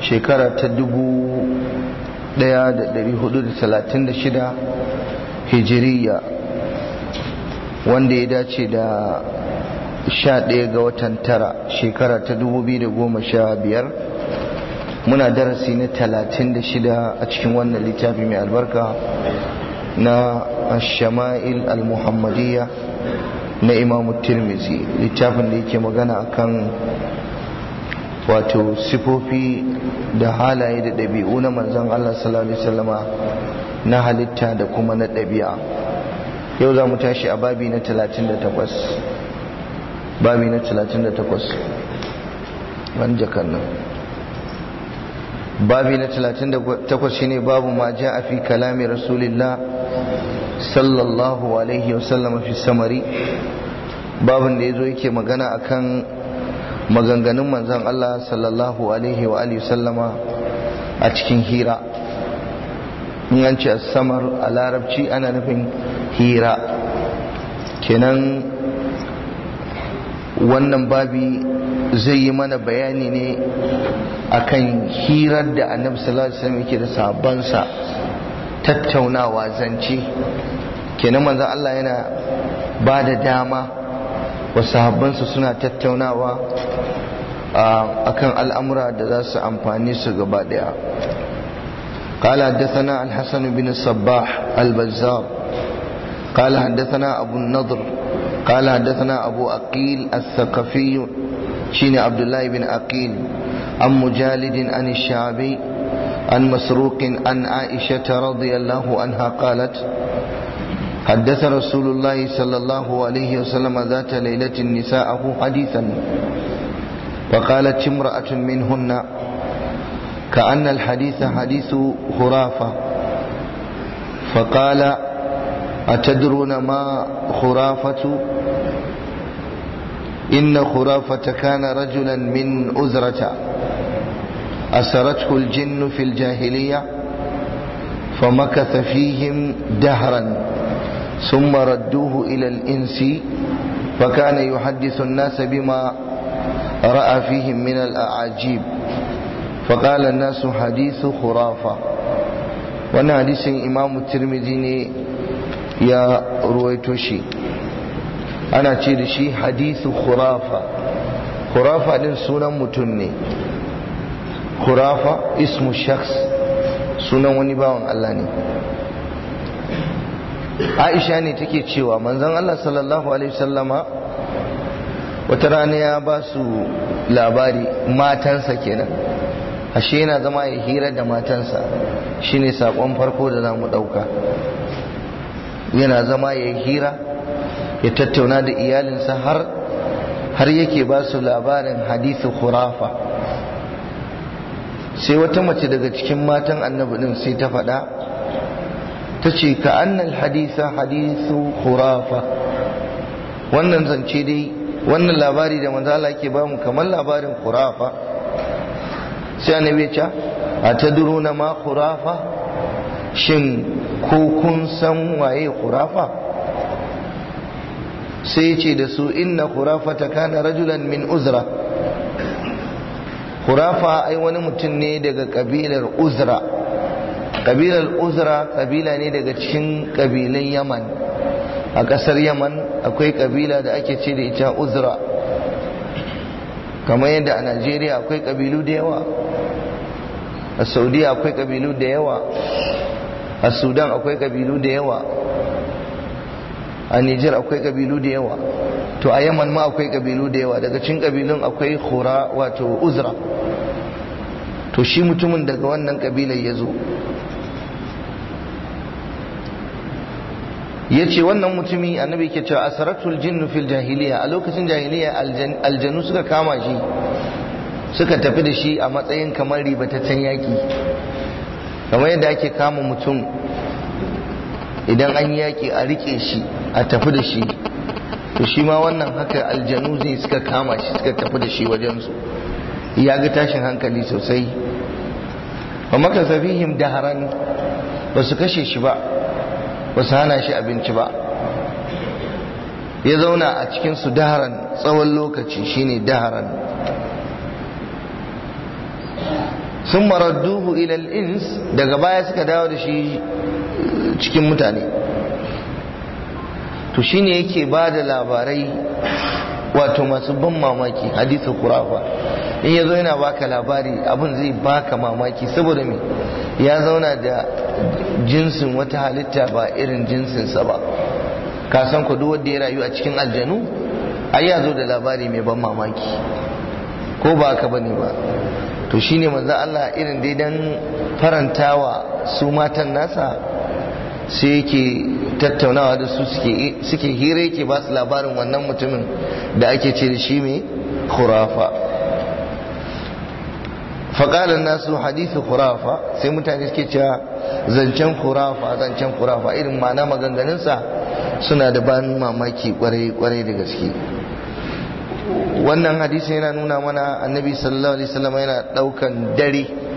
shekara ta shida hijiriya wanda ya dace da sha 11 ga watan tara shekara ta sha biyar muna darasi na talatin da shida a cikin wannan littafi mai albarka na ashama'il almuhammadiyya na imamu tirmizi littafin da yake magana akan wato sifofi da halaye da ɗabi'u na manzan Allah sallallahu alaihi wasallama na halitta da kuma na ɗabi'a yau za mu tashi a babi na 38 babi na 38 wani jakan nan babi na 38 ne babu ma ja a fi kalami rasulillah sallallahu alaihi wasallama fi samari babin da ya zo yake magana akan maganganun manzan Allah sallallahu alaihi wa alihi sallama a cikin hira in an ce samar a larabci ana nufin hira kenan wannan babi zai yi mana bayani ne akan hirar da annabi sallallahu alaihi yake da sabansa tattaunawa zance kenan manzan Allah yana ba da dama wasu sahabbansu suna tattaunawa akan al'amura da za su amfani su gaba daya قال حدثنا الحسن بن الصباح البزار قال حدثنا أبو النضر قال حدثنا أبو أقيل الثقفي شين عبد الله بن أقيل عن مجالد عن الشعبي عن مسروق عن عائشة رضي الله عنها قالت حدث رسول الله صلى الله عليه وسلم ذات ليلة نساءه حديثا فقالت امرأة منهن كأن الحديث حديث خرافة فقال أتدرون ما خرافة إن خرافة كان رجلا من أزرة أسرته الجن في الجاهلية فمكث فيهم دهرا ثم ردوه إلى الإنس فكان يحدث الناس بما رأى فيهم من الأعاجيب فقال الناس حديث خرافة وانا حديث إمام الترمذي يا رويتوشي أنا تيرشي حديث خرافة خرافة دين سنة متني خرافة اسم الشخص سنة ونباون الله aisha ne take cewa manzan Allah sallallahu alaihi wasallama wata rana ya ba su labari matansa kenan ashe yana zama ya hira da matansa shine sakon farko da zamu ɗauka. yana zama ya hira ya tattauna da iyalinsa har har yake ba su labarin hadithu khurafa sai wata mace daga cikin matan annabi din sai ta faɗa Ta ce ka annal hadisa hadisu khurafa wannan zance dai wannan labari da Manzala ke bamu kamar labarin khurafa sai annabi ya ce a ta na ma khurafa shin ko kun san waye khurafa sai ce da su inna ta kana rajulan min uzra khurafa ai wani mutum ne daga kabilar uzra ƙabilar uzra ƙabila ne daga cikin ƙabilun yaman a ƙasar yaman akwai ƙabila da ake ce da ita uzra kamar yadda a najeriya akwai ƙabilu da yawa a saudiya akwai ƙabilu da yawa a sudan akwai ƙabilu da yawa a nijar akwai ƙabilu da yawa to a yaman ma akwai ƙabilu da yawa daga cikin ƙabilun akwai hura wato uzra to shi mutumin daga wannan ƙabilar ya zo ya ce wannan mutumi annabi ke cewa asaratul jinnu fil jahiliya a lokacin jahiliya aljanu suka kama shi suka tafi da shi a matsayin kamar ribataccen yaƙi kamar yadda ake kama mutum idan an yaki a riƙe shi a tafi da shi to shi ma wannan haka aljanu zai suka kama shi suka tafi da shi wajensu ya ga tashin hankali sosai ba maka zafihim haran ba su kashe shi ba ba hana shi abinci ba ya zauna a cikinsu daharan tsawon lokaci shine daharan sun maradduhu ilal ins daga baya suka dawo da shi cikin mutane to shine yake ba da labarai wato masu ban mamaki hadisu kurafa in ya zo yana baka labari abin zai baka mamaki saboda me ya zauna da jinsin wata halitta ba irin jinsinsa ba ka san ku duk ya rayu a cikin aljanu ai ya zo da labari mai ban mamaki ko ba ka bane ba to shine manzo Allah irin dai dan farantawa su matan nasa sai yake tattaunawa da su suke hira yake ba su labarin wannan mutumin da ake ce da shi mai khurafa faƙalar nasu hadithu khurafa sai mutane suke cewa zancen khurafa zancen khurafa irin mana maganganunsa suna da ban mamaki kwarai da gaske wannan hadisi yana nuna mana annabi sallallahu alaihi wasallam yana ɗaukan dare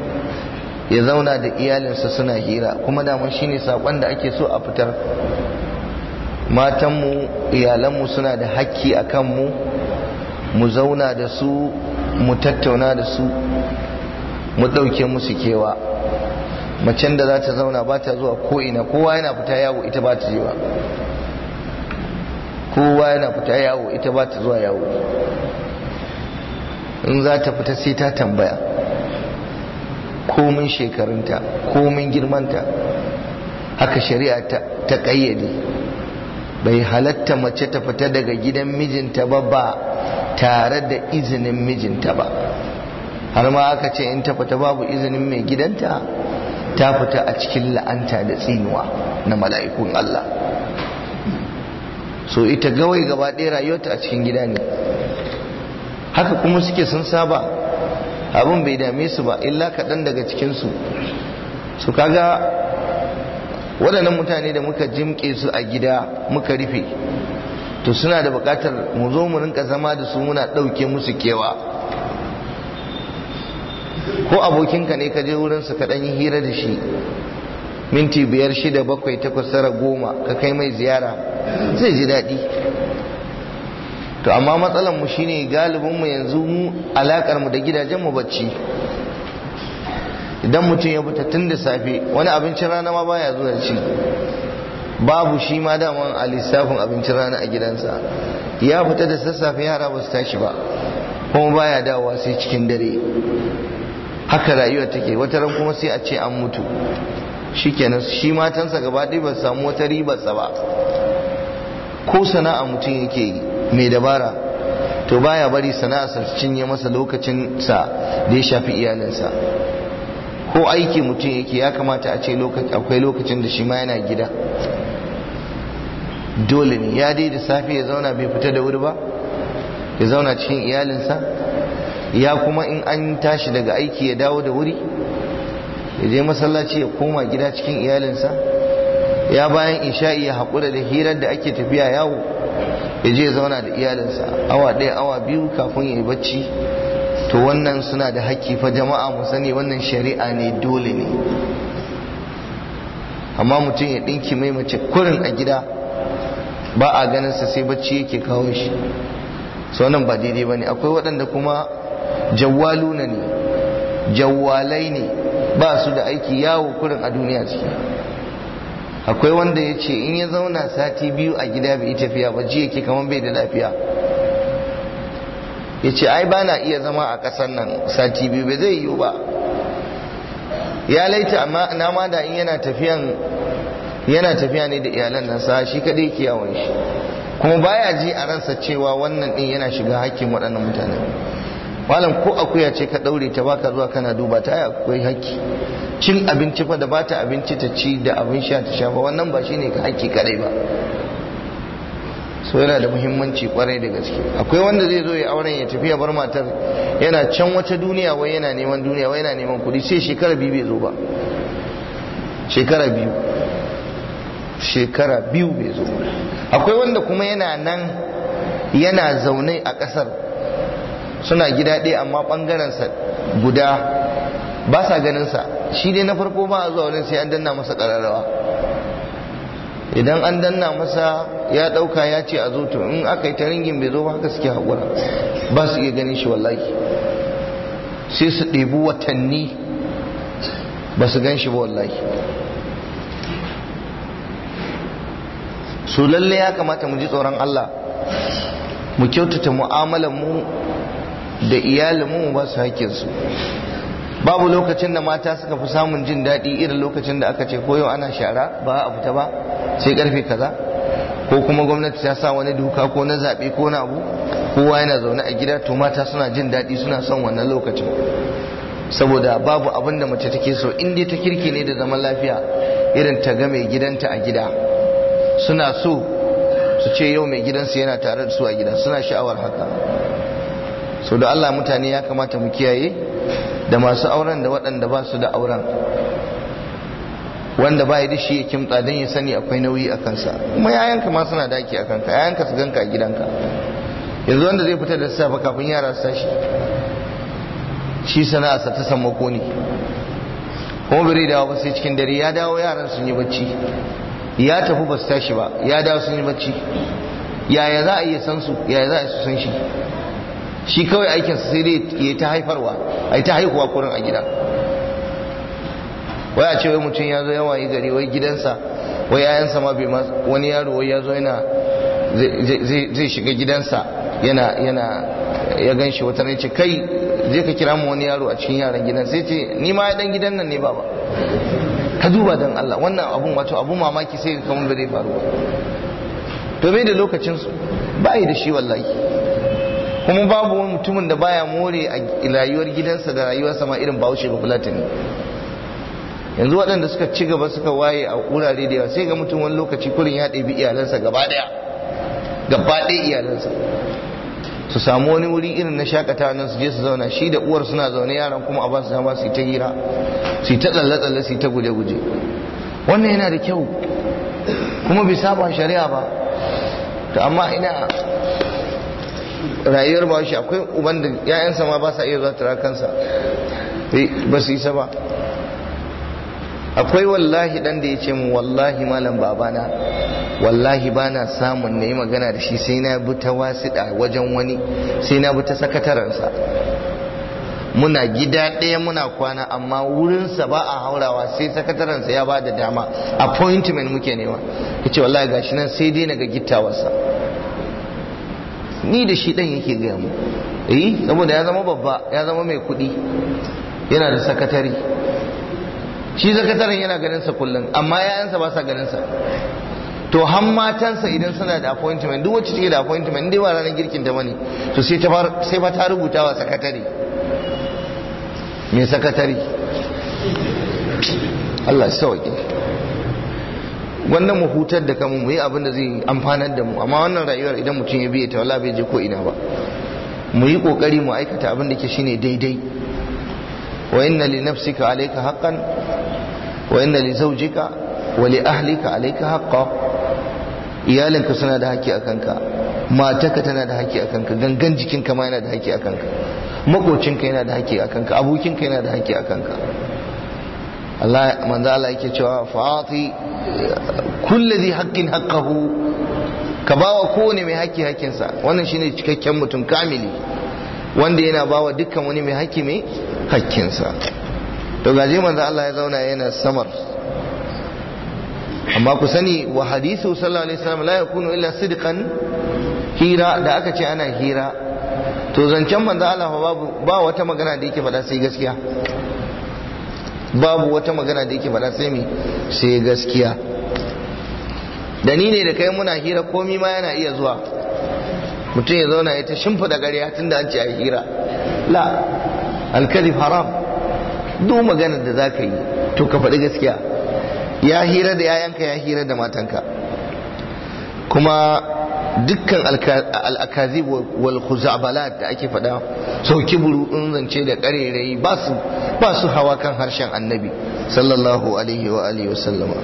ya zauna da iyalinsa suna hira kuma shi shine saƙon da ake so a fitar matanmu iyalanmu suna da haƙƙi a kanmu mu zauna da su mu tattauna da su mu ɗauke musu kewa macen da za ta zauna ba ta zuwa ko'ina kowa yana fita yawo ita ba ta jewa kowa yana fita yawo ita ba ta zuwa yawo in za ta fita sai ta tambaya komin shekarunta komin girmanta haka shari'a ta ƙayyade bai halatta mace ta fita daga gidan mijinta ba ba tare da izinin mijinta ba har ma aka ce in ta fita babu izinin mai gidanta ta fita a cikin la'anta da tsinuwa na mala'ikun Allah so ita gawai gaba ɗaya rayuwarta a cikin gida ne haka kuma suke sun saba abin bai dame su ba illa kaɗan daga cikinsu su kaga waɗannan mutane da muka jimƙe su a gida muka rufe to suna da buƙatar mu zo mu rinka zama da su muna ɗauke musu kewa ko abokinka ne ka je wurinsu kaɗan yi hira da shi minti biyar shida bakwai takwas tara goma ka kai mai ziyara zai ji daɗi to amma matsalar mu shine galibin mu yanzu mu alakar mu da gidajen mu bacci idan mutum ya fita tun da safe wani abincin rana ma baya zuwa ci babu shi ma daman a lissafin abincin rana a gidansa ya fita da sassafe yara ba su tashi ba kuma baya dawowa sai cikin dare haka rayuwa take wata ran kuma sai a ce an mutu shikenan shi matansa gaba ɗaya ba samu wata ribarsa ba ko sana'a mutum yake yi mai dabara to baya bari sana'a cinye masa lokacin sa da ya shafi iyalinsa ko aiki mutum yake ya kamata a ce akwai lokacin da shi ma yana gida dole ne ya dai da safe ya zauna bai fita da wuri ba ya zauna cikin iyalinsa ya kuma in an tashi daga aiki ya dawo da wuri ya je masallaci ya koma gida cikin iyalinsa ya bayan isha'i ya haƙura da hirar da ake tafiya yawo ya je zauna da iyalinsa awa ɗaya awa biyu kafin ya yi bacci to wannan suna da haƙƙi fa jama'a mu sani wannan shari'a ne dole ne amma mutum ya ɗinki mai mace kurin a gida ba a ganin sa sai bacci yake kawo shi so nan ba daidai ba ne akwai waɗanda kuma jawwaluna ne jawwalai ne ba su da aiki yawo kurin a duniya ciki akwai wanda ya ce in ya zauna sati biyu a gida bai tafiya ba ji yake kamar bai da lafiya ya ce ai ba na iya zama a kasar nan sati biyu bai zai yiwu ba ya laita amma na ma da in yana tafiyan yana tafiya ne da iyalan nan sa shi kadai ke yawon shi kuma baya ji a ransa cewa wannan din yana shiga hakkin waɗannan mutane malam ko akuya ce ka daure ta baka zuwa kana duba ta ya akwai haƙƙi. cin abinci fa da bata abinci ta ci da abin sha ta sha ba wannan ba shine ka haƙƙi kadai ba so yana da muhimmanci kwarai da gaske akwai wanda zai zo ya auren ya tafi ya bar matar yana can wata duniya wai yana neman duniya wai yana neman kuɗi sai shekara biyu bai zo ba shekara biyu shekara biyu bai zo akwai wanda kuma yana nan yana zaune a ƙasar suna gida ɗaya amma ɓangarensa guda ba sa ganinsa shi dai na farko ba a zuwa wurin sai an danna masa ƙararrawa idan an danna masa ya ɗauka ya ce a zo to in aka yi ta ringin bai zo ba haka suke haƙura ba su iya ganin shi wallahi sai su ɗebi watanni ba su gan shi ba wallahi su lalle ya kamata mu ji tsoron Allah mu kyautata mu'amalar mu da iyalinmu mu ba su haƙƙinsu babu lokacin da mata suka fi samun jin daɗi irin lokacin da aka ce koyo ana shara ba a fita ba sai karfe kaza ko kuma gwamnati ta sa wani duka ko na zaɓe ko na abu kowa yana zaune a gida to mata suna jin daɗi suna son wannan lokacin saboda babu abin da mace take so in dai ta kirki ne da zaman lafiya irin ta ga mai gidanta a gida suna so su ce yau mai gidansu yana tare da su a gida suna sha'awar haka so da Allah mutane ya kamata mu kiyaye da masu auren da waɗanda ba su da auren wanda ba ya da shi ya kimtsa don ya sani akwai nauyi a kansa kuma yayanka ma suna daki a kanka yayanka su ganka a gidanka yanzu wanda zai fita da safa kafin yara su tashi shi sana'arsa ta sammako ne kuma bai dawo ba sai cikin dare ya dawo yaran sun yi bacci ya tafi ba su tashi ba ya dawo sun yi bacci yaya za a iya san su yaya za a su san shi shi kawai aikinsa sai dai ya ta haifarwa a ta haihuwa kurin a gida wai a ce wai mutum ya zo yawa yi gari wai gidansa wai yayansa ma bai masu. wani yaro wai ya zo yana zai shiga gidansa yana yana ya gan shi wata ce kai je ka kira mu wani yaro a cikin yaran gidan sai ce ni ma ya dan gidan nan ne baba ka duba dan Allah wannan abun wato abun mamaki sai ka kamar bai faru ba to me da lokacin su ba da shi wallahi kuma babu wani mutumin da baya more a rayuwar gidansa da rayuwar sama irin baushe ba fulatani yanzu waɗanda suka ci gaba suka waye a wurare da yawa sai ga mutum wani lokaci kurin ya ɗabi iyalansa gaba ɗaya gaba ɗaya iyalansa su samu wani wuri irin na shakatawa nan su je su zauna shi da uwar suna zaune yaran kuma a ba su dama su yi ta hira su yi ta tsalle-tsalle su yi ta guje-guje wannan yana da kyau kuma bai saba shari'a ba to amma ina rayuwar ba shi akwai uban ya'yansa ma ba sa iya zuwa tura kansa eh, ba su isa ba akwai wallahi dan da ya ce mu wallahi malam babana wallahi bana samun na yi magana da shi sai na bi ta wasiɗa wajen wani sai na bi ta sakatarensa muna gida ɗaya muna kwana amma wurinsa ba a haurawa sai sakatarensa ya ba da dama appointment muke nema ya ce wallahi gashi nan sai dai na ga gittawarsa ni da shi dan yake gaya mu eh saboda ya zama babba ya zama mai kuɗi yana da sakatari shi sakataren yana ganin sa kullum amma yayansa ba sa ganin sa to har matansa idan suna da appointment duk wacce take da appointment dai ba ranar girkin ta bane to sai ta sai fa ta rubuta wa sakatare me sakatare Allah sauke wannan mu hutar da kanmu mu yi abin da zai amfanar da mu amma wannan rayuwar idan mutum ya biye ta wala bai je ko ina ba mu yi kokari mu aikata abin da ke shine daidai wa inna li nafsika alayka haqqan wa inna li zawjika wa li ahlika alayka haqqan iyalinka suna da haƙƙi akan ka matarka tana da haƙƙi akan ka gangan jikinka ma yana da haƙƙi akan ka makocinka yana da haƙƙi akan ka abokinka yana da haƙƙi akan ka Allah manzo Allah yake cewa fa'ati kulli dhi haqqin haqqahu ka bawa kowane mai haƙƙi haƙƙinsa wannan shine cikakken mutum kamili wanda yana bawa dukkan wani mai haƙƙi mai haƙƙinsa to gaje manzo Allah ya zauna yana samar amma ku sani wa hadithu sallallahu alaihi wasallam la yakunu illa sidqan hira da aka ce ana hira to zancen manzo Allah ba wata magana da yake faɗa sai gaskiya babu wata magana da yake faɗa sai mi sai gaskiya da ni ne da kai muna hira komi ma yana iya zuwa mutum ya zauna ya ta shimfiɗa ƙarya tun da an ce a hira la alkalif haram duk maganar da za ka yi to ka faɗi gaskiya ya hira da yayanka ya hira da matanka kuma dukkan al'akazib wal khuzabalat da ake faɗa so kiburu in zance da karerai ba su hawa kan harshen annabi sallallahu alaihi wa alihi wa sallama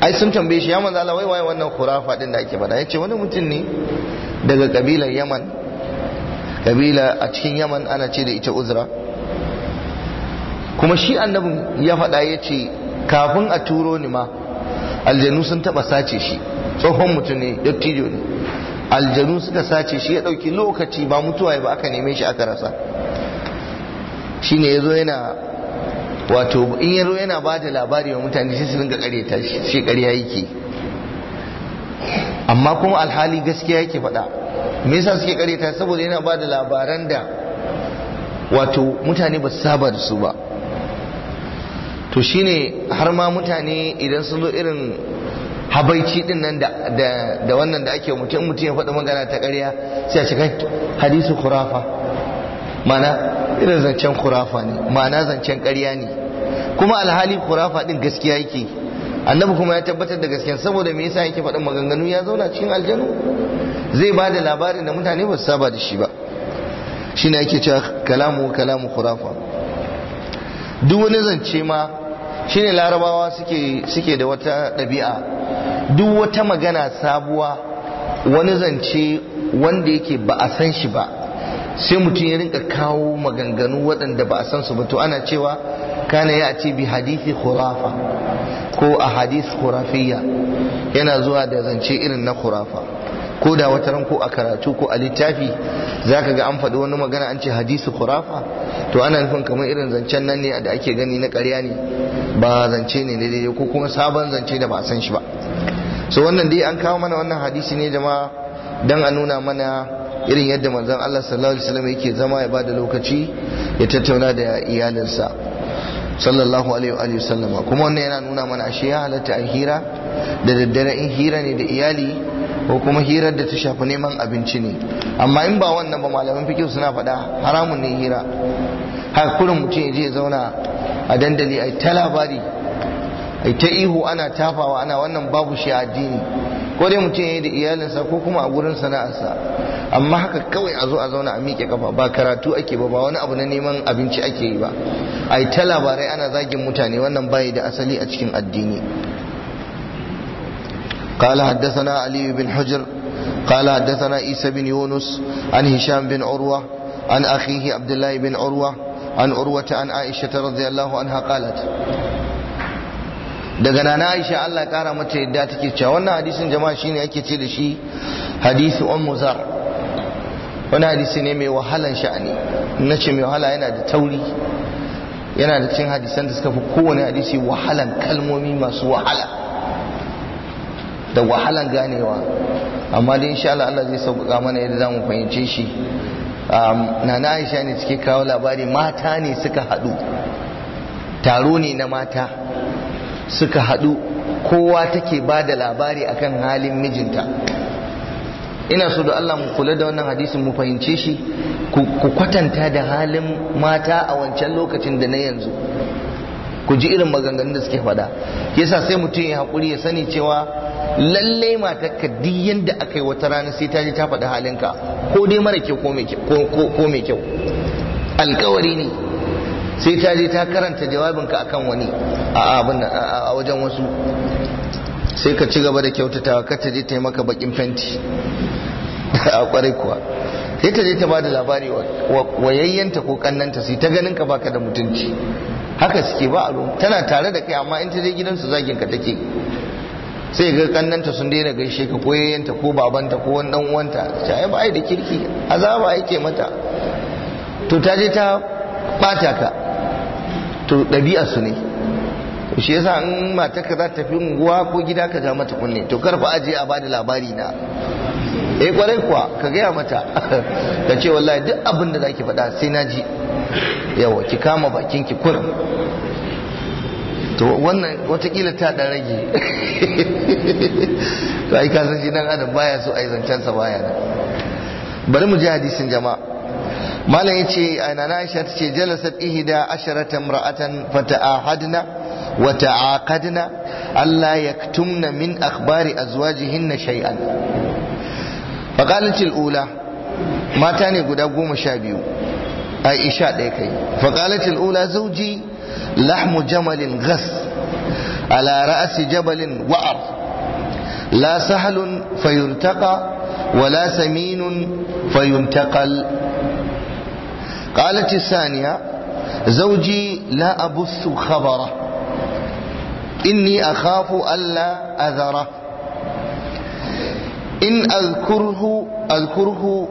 ai sun tambaye shi ya manzo Allah wai waye wannan khurafa din da ake Ya yace wani mutum ne daga kabilar Yaman kabila a cikin Yaman ana ce da ita Uzra kuma shi annabin ya faɗa yace kafin a turo ni ma aljanu sun taba sace shi tsohon mutum ne dattijo ne aljanu suka sace shi ya ɗauki lokaci ba mutuwa ba aka neme shi aka rasa shi ne ya zo yana wato in ya yana ba da labari wa mutane sai su dinga ƙaryata shi ya yake amma kuma alhali gaskiya yake faɗa me yasa suke karyata saboda yana ba da labaran da wato mutane ba su saba da su ba to shine har ma mutane idan sun zo irin habaici din nan da wannan da ake mutum mutum ya faɗi magana ta ƙarya sai a cikin hadisu kurafa mana irin zancen kurafa ne mana zancen ƙarya ne kuma alhali kurafa din gaskiya yake annabi kuma ya tabbatar da gaskiya saboda me yasa yake faɗin maganganu ya zauna cikin aljanu zai ba da labarin da mutane ba su saba da shi ba shine ake cewa kalamu kalamu kurafa duk wani zance ma shine larabawa suke da wata ɗabi'a duk wata magana sabuwa wani zance wanda yake ba a san shi ba sai mutum ya rinka kawo maganganu waɗanda ba a san su ba to ana cewa kana ya ce bi hadithi khurafa ko a hadith khurafiyya yana zuwa da zance irin na khurafa ko da wata ran ko a karatu ko a littafi zaka ga an faɗi wani magana an ce hadisu kurafa to ana nufin kamar irin zancen nan ne da ake gani na ƙarya ne ba zance ne daidai ko kuma sabon zance da ba a san shi ba so wannan dai an kawo mana wannan hadisi ne jama'a dan a nuna mana irin yadda manzon Allah sallallahu alaihi wasallam yake zama ya bada lokaci ya tattauna da iyalinsa sallallahu alaihi wa sallama kuma wannan yana nuna mana ashe ya halatta a hira da daddare in hira ne da iyali ko kuma hirar da ta shafi neman abinci ne amma in ba wannan ba malaman fikir suna faɗa haramun ne hira har kurin mutum ya je ya zauna a dandali a ta labari a ta ihu ana tafawa ana wannan babu shi a addini ko dai mutum ya yi da iyalinsa ko kuma a gurin sana'arsa amma haka kawai a zo a zauna a miƙe kafa ba karatu ake ba ba wani abu na neman abinci ake yi ba a ta labarai ana zagin mutane wannan bayi da asali a cikin addini قال حدثنا علي بن حجر قال حدثنا عيسى بن يونس عن هشام بن عروة عن أخيه عبد الله بن عروة عن عروة عن عائشة رضي الله عنها قالت daga nana Aisha Allah kara mata yadda take cewa wannan hadisin jama'a shine ake ce da shi hadisi ummu ne mai wahalan sha'ani ce mai wahala yana da tauri yana da cin hadisan da suka fi kowane hadisi wahalan kalmomi masu wahala da wahalan ganewa amma da insha Allah Allah zai sauƙaƙa mana yadda zamu fahimce shi nana Aisha ne cike kawo labari mata ne suka haɗu taro ne na mata suka haɗu kowa take ba da labari akan halin mijinta ina so da Allah mu kula da wannan hadisin mu fahimce shi ku kwatanta da halin mata a wancan lokacin da na yanzu ku ji irin maganganun da suke faɗa yasa sai mutum ya haƙuri ya sani cewa lalle matarka duk yadda aka yi wata rana sai ta je ta faɗi halinka ko dai mara kyau ko mai kyau alkawari ne sai ta je ta karanta jawabinka akan wani a wajen wasu sai ka ci gaba da kyautatawa ka ta je ta yi maka bakin fenti a kwarai kuwa sai ta je ta ba da labari yayyanta ko kannanta sai ta ganin ka baka da mutunci haka suke ba a tana tare da kai amma in ta je gidansu zagin ka take sai ga kannanta sun daina gaishe ka ko yayyanta ko babanta ko wani dan uwanta ta yi ba'ai da kirki azaba yake mata to ta je ta bata ka to ɗabi'a su ne shi yasa in ka za ta tafi unguwa ko gida ka ga mata kunne to karfa fa aje a bada labari na eh kwarai kuwa ka gaya mata ka ce wallahi duk abin da zaki faɗa sai na ji yawa ki kama bakin ki kur to wannan watakila ta dan rage to ai ka san shi nan adam baya so ai zancen sa baya bari mu ji hadisin jama'a malam yace ana na Aisha tace jalasat ihda asharata imra'atan fata'ahadna وتعاقدنا ألا يكتمن من أخبار أزواجهن شيئا فقالت الأولى ما تاني قد أقوم شابيو أي إشاء ديكي فقالت الأولى زوجي لحم جمل غس على رأس جبل وعر لا سهل فيرتقى ولا سمين فينتقل قالت الثانية زوجي لا أبث خبره إني أخاف ألا أذره إن أذكره أذكره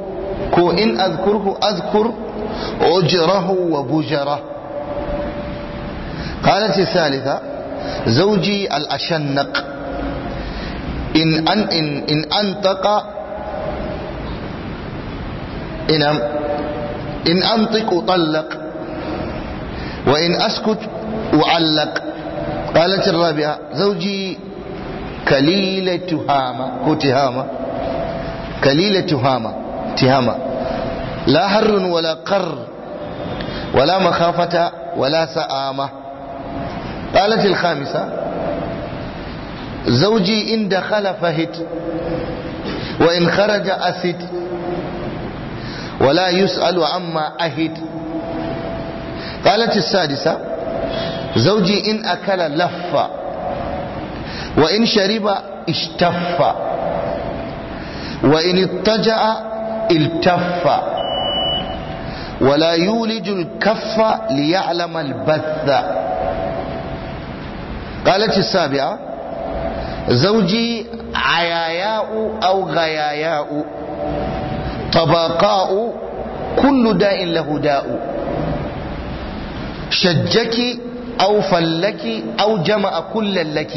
كو إن أذكره أذكر أجره وبجره قالت الثالثة زوجي الأشنق إن أن إن, إن أنطق إن إن أنطق طلق وإن أسكت أعلق قالت الرابعة زوجي كليل تهامة هو تهامة كليل تهامة تهامة لا هر ولا قر ولا مخافة ولا سآمة قالت الخامسة زوجي إن دخل فهد وإن خرج أسد ولا يسأل عما أهد قالت السادسة زوجي إن أكل لف وإن شرب اشتف وإن اضطجأ التف ولا يولج الكف ليعلم البث قالت السابعة زوجي عياياء أو غياياء طباقاء كل داء له داء شجكي أو فلك أو جمع كل لك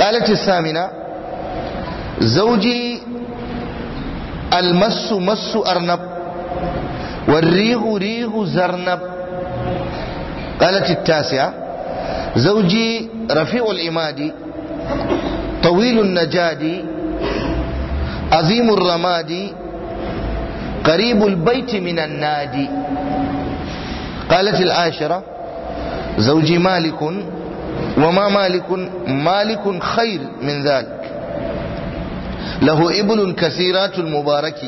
قالت الثامنة زوجي المس مس أرنب والريغ ريغ زرنب قالت التاسعة زوجي رفيع الإمادي طويل النجاد عظيم الرماد قريب البيت من النادي قالت العاشرة زوجي مالك وما مالك مالك خير من ذلك له إبل كثيرات المبارك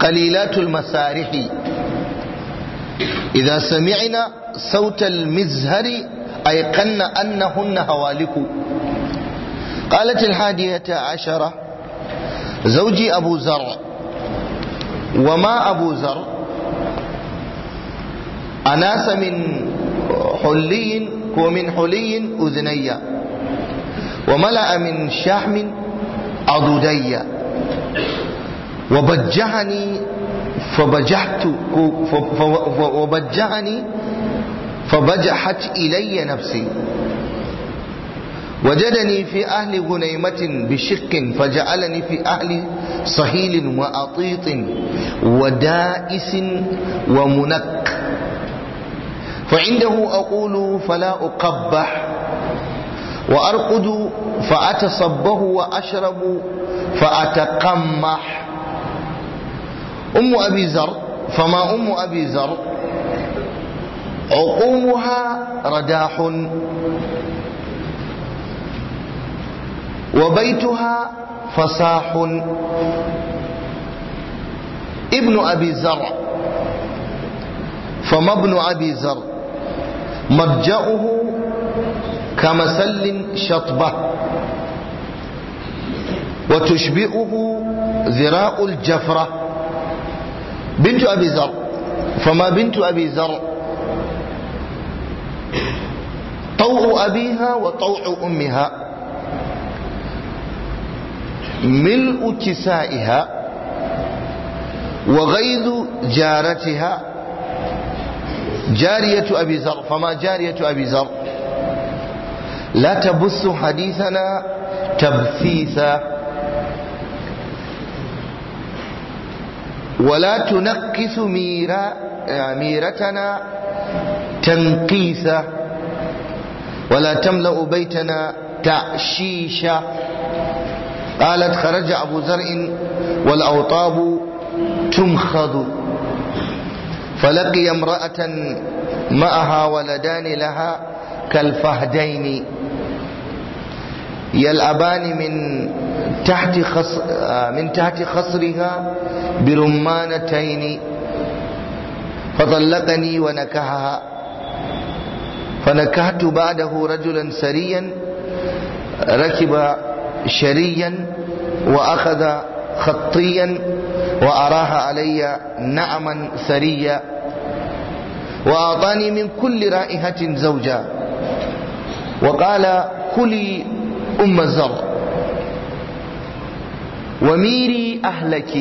قليلات المسارح إذا سمعنا صوت المزهر أيقن أنهن هوالك قالت الحادية عشرة زوجي أبو زرع وما أبو زرع أناس من حلي ومن حلي أذني وملأ من شحم عضدي وبجعني فبجحت وبجعني فبجحت إلي نفسي وجدني في أهل غنيمة بشق فجعلني في أهل صهيل وأطيط ودائس ومنك فعنده أقول فلا أقبح وأرقد فأتصبه وأشرب فأتقمح أم أبي زر فما أم أبي زر عقومها رداح وبيتها فصاح ابن أبي زرع فما ابن أبي زرع مرجعه كمسل شطبة وتشبئه ذراء الجفرة بنت أبي زر فما بنت أبي زر طوع أبيها وطوع أمها ملء كسائها وغيظ جارتها جارية أبي ذر فما جارية أبي ذر لا تبث حديثنا تبثيثا ولا تنقص ميرا آه، ميرتنا تنقيسا ولا تملأ بيتنا تعشيشا قالت خرج أبو زرع والأوطاب تمخض فلقي امرأة معها ولدان لها كالفهدين يلعبان من تحت خصر آه، من تحت خصرها برمانتين فطلقني ونكهها فنكهت بعده رجلا سريا ركب شريا وأخذ خطيا وأراها علي نعما ثريا وأعطاني من كل رائحة زوجا وقال كلي أم الزر وميري أهلك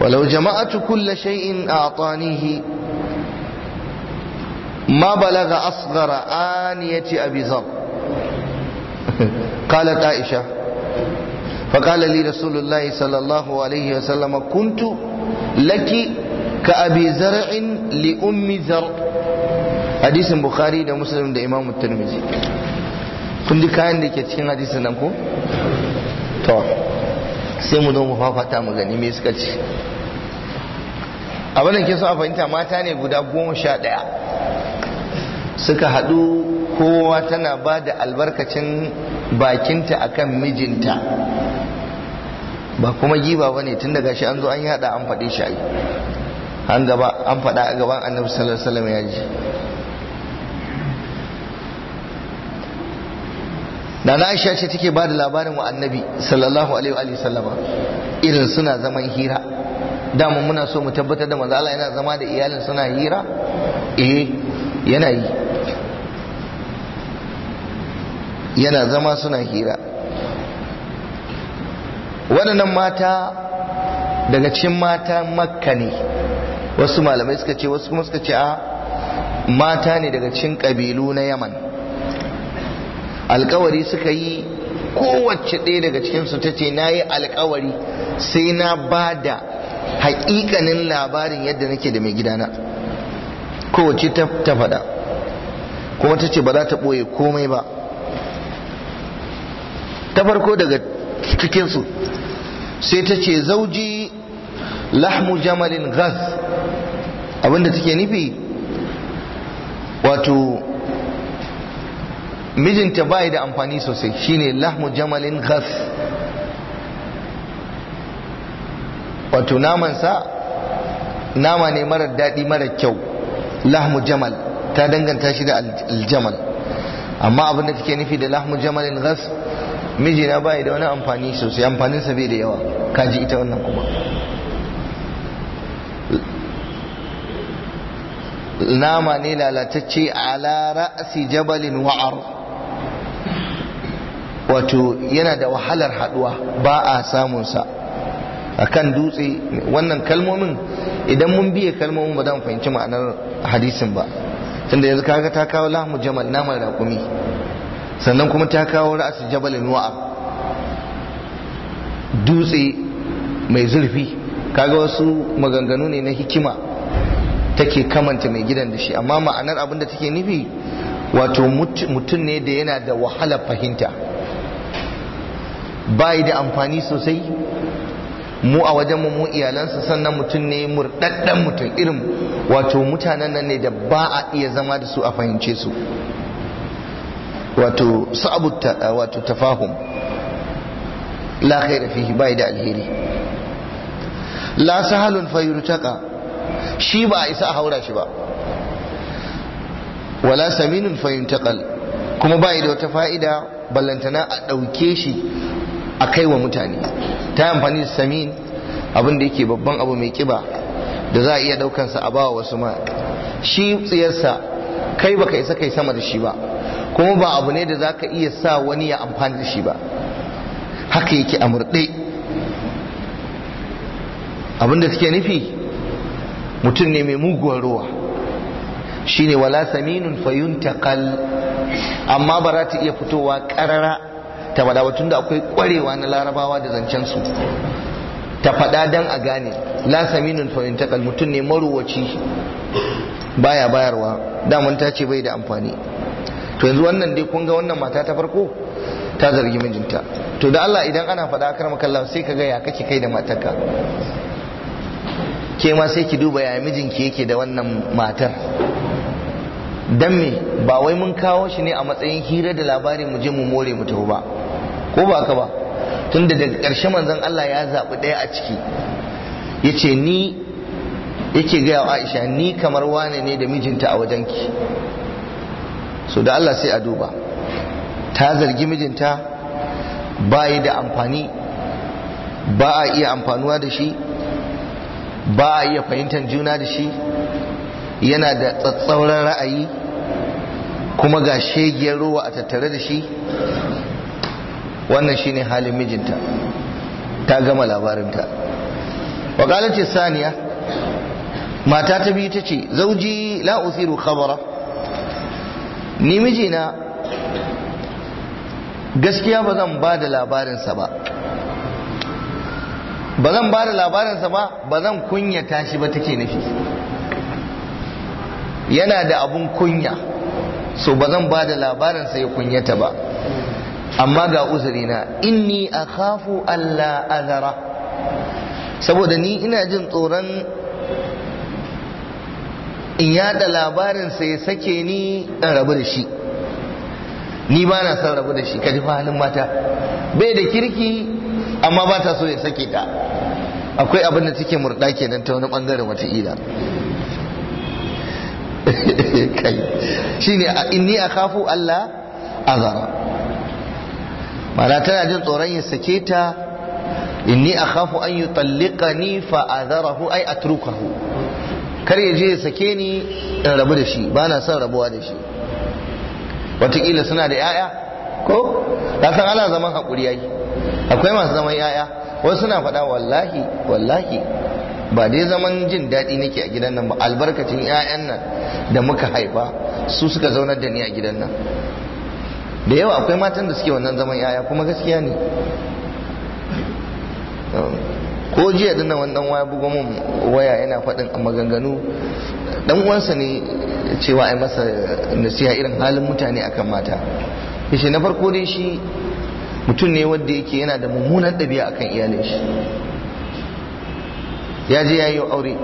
ولو جمعت كل شيء أعطانيه ما بلغ أصغر آنية أبي زر قالت عائشة فقال لي رسول الله صلى الله عليه وسلم كنت لك كأبي زرع لأم زرع حديث البخاري ده مسلم ده إمام الترمذي كنت كان لك da حديث نمكو hadisin nan ko to مغني mu zo mu fafata mu gani me suka ce abin da ke so a mata ne guda goma sha ɗaya suka haɗu kowa tana ba da albarkacin bakinta akan mijinta ba kuma giba ba ne tun daga shi an zo an yada an faɗe shi a an gaba an faɗa a gaban annabi sallallahu alaihi wasallam ya ji da na aisha ce take ba da labarin wa annabi sallallahu alaihi wa sallama irin suna zaman hira dama muna so mu tabbatar da manzo Allah yana zama da iyalin suna hira eh yana yi yana zama suna hira waɗannan mata daga cin mata makka ne wasu malamai suka ce wasu kuma suka ce a mata ne daga cin ƙabilu na yaman alkawari suka yi kowace ɗaya daga cikinsu ta ce na yi alkawari sai na ba da haƙiƙanin labarin yadda nake da mai gidana kowace ta faɗa kuma ta ce ba za ta ɓoye komai ba ta farko daga cikinsu sai ta ce zauji lahmu jamalin ghaz abinda take nufi wato mijinta bai da amfani sosai shine lahmu jamalin gas. wato namansa nama ne mara daɗi mara kyau lahmu jamal ta danganta shi da aljamal amma abinda take nufi da lahmu jamalin gas. mijina bai da wani amfani sosai amfaninsa bai da yawa kaji ita wannan kuma nama ne lalatacce ala ra'si jabalin wa'ar wato yana da wahalar haduwa ba a samun sa kan dutse wannan kalmomin idan mun biye kalmomin ba za mu fahimci ma'anar hadisin ba tunda yanzu kaga ta kawo lahmu jamal da kumi sannan kuma ta kawo ra'asin jabalin wa'a dutse mai zurfi kaga wasu maganganu ne na hikima take kamanta mai gidan da shi amma ma'anar abin da take nufi wato mutum ne da yana da wahala fahimta bayi da amfani sosai mu a wajenmu mu iyalansa sannan mutum ne murdaddan mutum irin wato mutanen nan ne da ba a iya zama da su a fahimce su wato sa'abu wato tafahum la khaira fihi bai da alheri la sahalun fayurtaka shi ba a isa a haura shi ba wala saminun fayuntaqal kuma bai da wata fa'ida ballantana a dauke shi a kai wa mutane ta amfani da samin abin da yake babban abu mai kiba da za a iya daukansa a bawa wasu ma shi tsiyarsa kai baka isa kai sama da shi ba kuma ba abu ne da za ka iya sa wani ya amfani da shi ba haka yake a murɗe abinda suke nufi mutum ne mai muguwar ruwa shi ne wala saminun takal amma ba za ta iya fitowa ƙarara ta tunda akwai ƙwarewa na larabawa da zancensu ta faɗa dan a gane la saminun takal mutum ne maruwaci baya bayarwa damanta ce bai da amfani to yanzu wannan dai kun ga wannan mata ta farko ta zargi mijinta to da Allah idan ana faɗa akar makalla sai ka ga ya kake kai da matarka ke ma sai ki duba ya mijinki yake da wannan matar dan me ba wai mun kawo shi ne a matsayin hira da labari mu je mu more mu tafi ba ko ba ka ba tunda daga ƙarshe manzon Allah ya zaɓi ɗaya a ciki yace ni yake gaya Aisha ni kamar wane ne da mijinta a wajenki so da Allah sai a duba ta zargi mijinta ba yi da amfani ba a iya amfanuwa da shi ba a iya fahimtar juna da shi yana da tsatsauran ra'ayi kuma ga shegiyar ruwa a tattare da shi wannan shine halin mijinta ta gama labarinta wakalar ce saniya mata ta biyu ta ce zauji la'uziru khabara ni mijina gaskiya ba zan ba da labarinsa ba ba zan ba da labarinsa ba ba zan kunyata shi ba take nufi yana da abun kunya so ba zan ba da labarinsa ya kunyata ba amma ga uzurina inni akhafu Allah azara saboda ni ina jin tsoron in yada labarin sa ya sake ni dan rabu da shi ni ba na son rabu da shi ka ji halin mata bai da kirki amma ba ta so ya sake ta akwai abin da take murda kenan ta wani bangaren wata ila kai shine inni akhafu Allah azara mana tana jin tsoron ya sake ta inni akhafu an yutallika ni fa azarahu ay atrukahu kar ya je ya sake ni in rabu da shi ba na son rabuwa da shi wataƙila suna da 'ya'ya ko na san ana zaman haƙuri yayi akwai masu zaman 'ya'ya wasu suna faɗa wallahi wallahi ba dai zaman jin daɗi nake a gidan nan ba albarkacin 'ya'yan nan da muka haifa su suka zaunar da ni a gidan nan da yawa akwai matan da suke wannan zaman 'ya'ya kuma gaskiya ne ko jiya dinnan wani dan waya bugo mun waya yana faɗin maganganu dan uwansa ne cewa ai masa nasiha irin halin mutane akan mata shi na farko dai shi mutum ne wanda yake yana da mummunan ɗabi'a akan iyalin shi ya je ya yi aure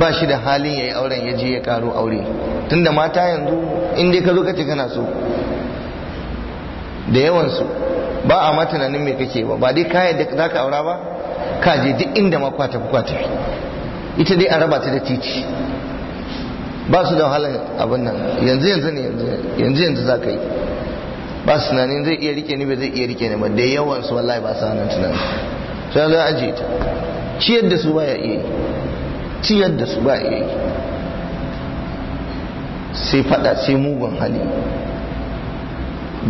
ba shi da halin ya yi auren ya je ya karo aure tunda mata yanzu in dai ka zo ka ci kana so da yawansu ba a ma tunanin me kake ba ba dai ka yadda za aura ba ka je duk inda ma kwata kwata ita dai a raba ta da titi ba su da wahalar abin nan yanzu yanzu ne yanzu yanzu za ka yi ba su tunanin zai iya rike ni ba zai iya rike ni ba da yawan su wallahi ba su hannun tunanin sai za a je ta ciyar da su ba ya iya yi ciyar da su ba ya iya yi sai fada sai mugun hali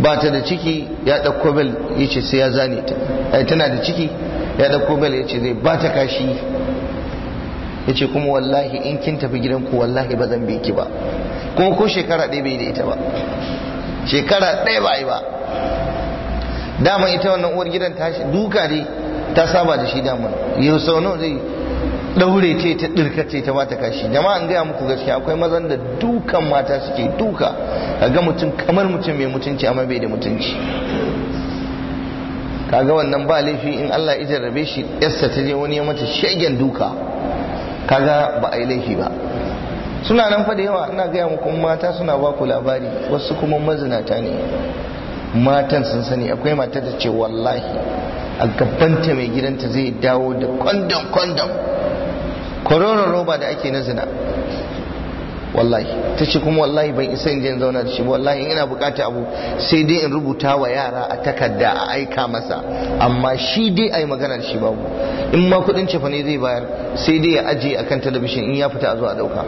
ba ta da ciki ya ɗauko bel ya ce sai ya zane ta ai tana da ciki ya dauko bel ya ce zai ba ta kashi ya ce kuma wallahi in kin tafi gidanku wallahi ba zan ki ba kuma ko shekara ɗaya bai da ita ba shekara ɗaya ba yi ba dama ita wannan uwar gidan ta duka ne ta saba da shi daman yau sau nawa zai daure ce ta dirkace ta mata kashi jama'a an gaya muku gaskiya akwai mazan da dukan mata suke duka a ga mutum kamar mutum mai mutunci amma bai da mutunci kaga wannan ba laifi in Allah ya jarrabe shi yarsa ta je wani ya mata shegen duka kaga ba a yi laifi ba suna nan fa da yawa ina gaya muku mata suna ba ku labari wasu kuma mazinata ne matan sun sani akwai mata ta ce wallahi a gabanta mai gidanta zai dawo da kwandon kwandon kororon roba da ake na zina wallahi ta ce kuma wallahi ban isa in je zauna da shi wallahi ina bukata abu sai dai in rubuta wa yara a takarda a aika masa amma shi dai a yi magana da shi babu in ma kudin cefa ne zai bayar sai dai ya aje kan talabishin in ya fita a zo a dauka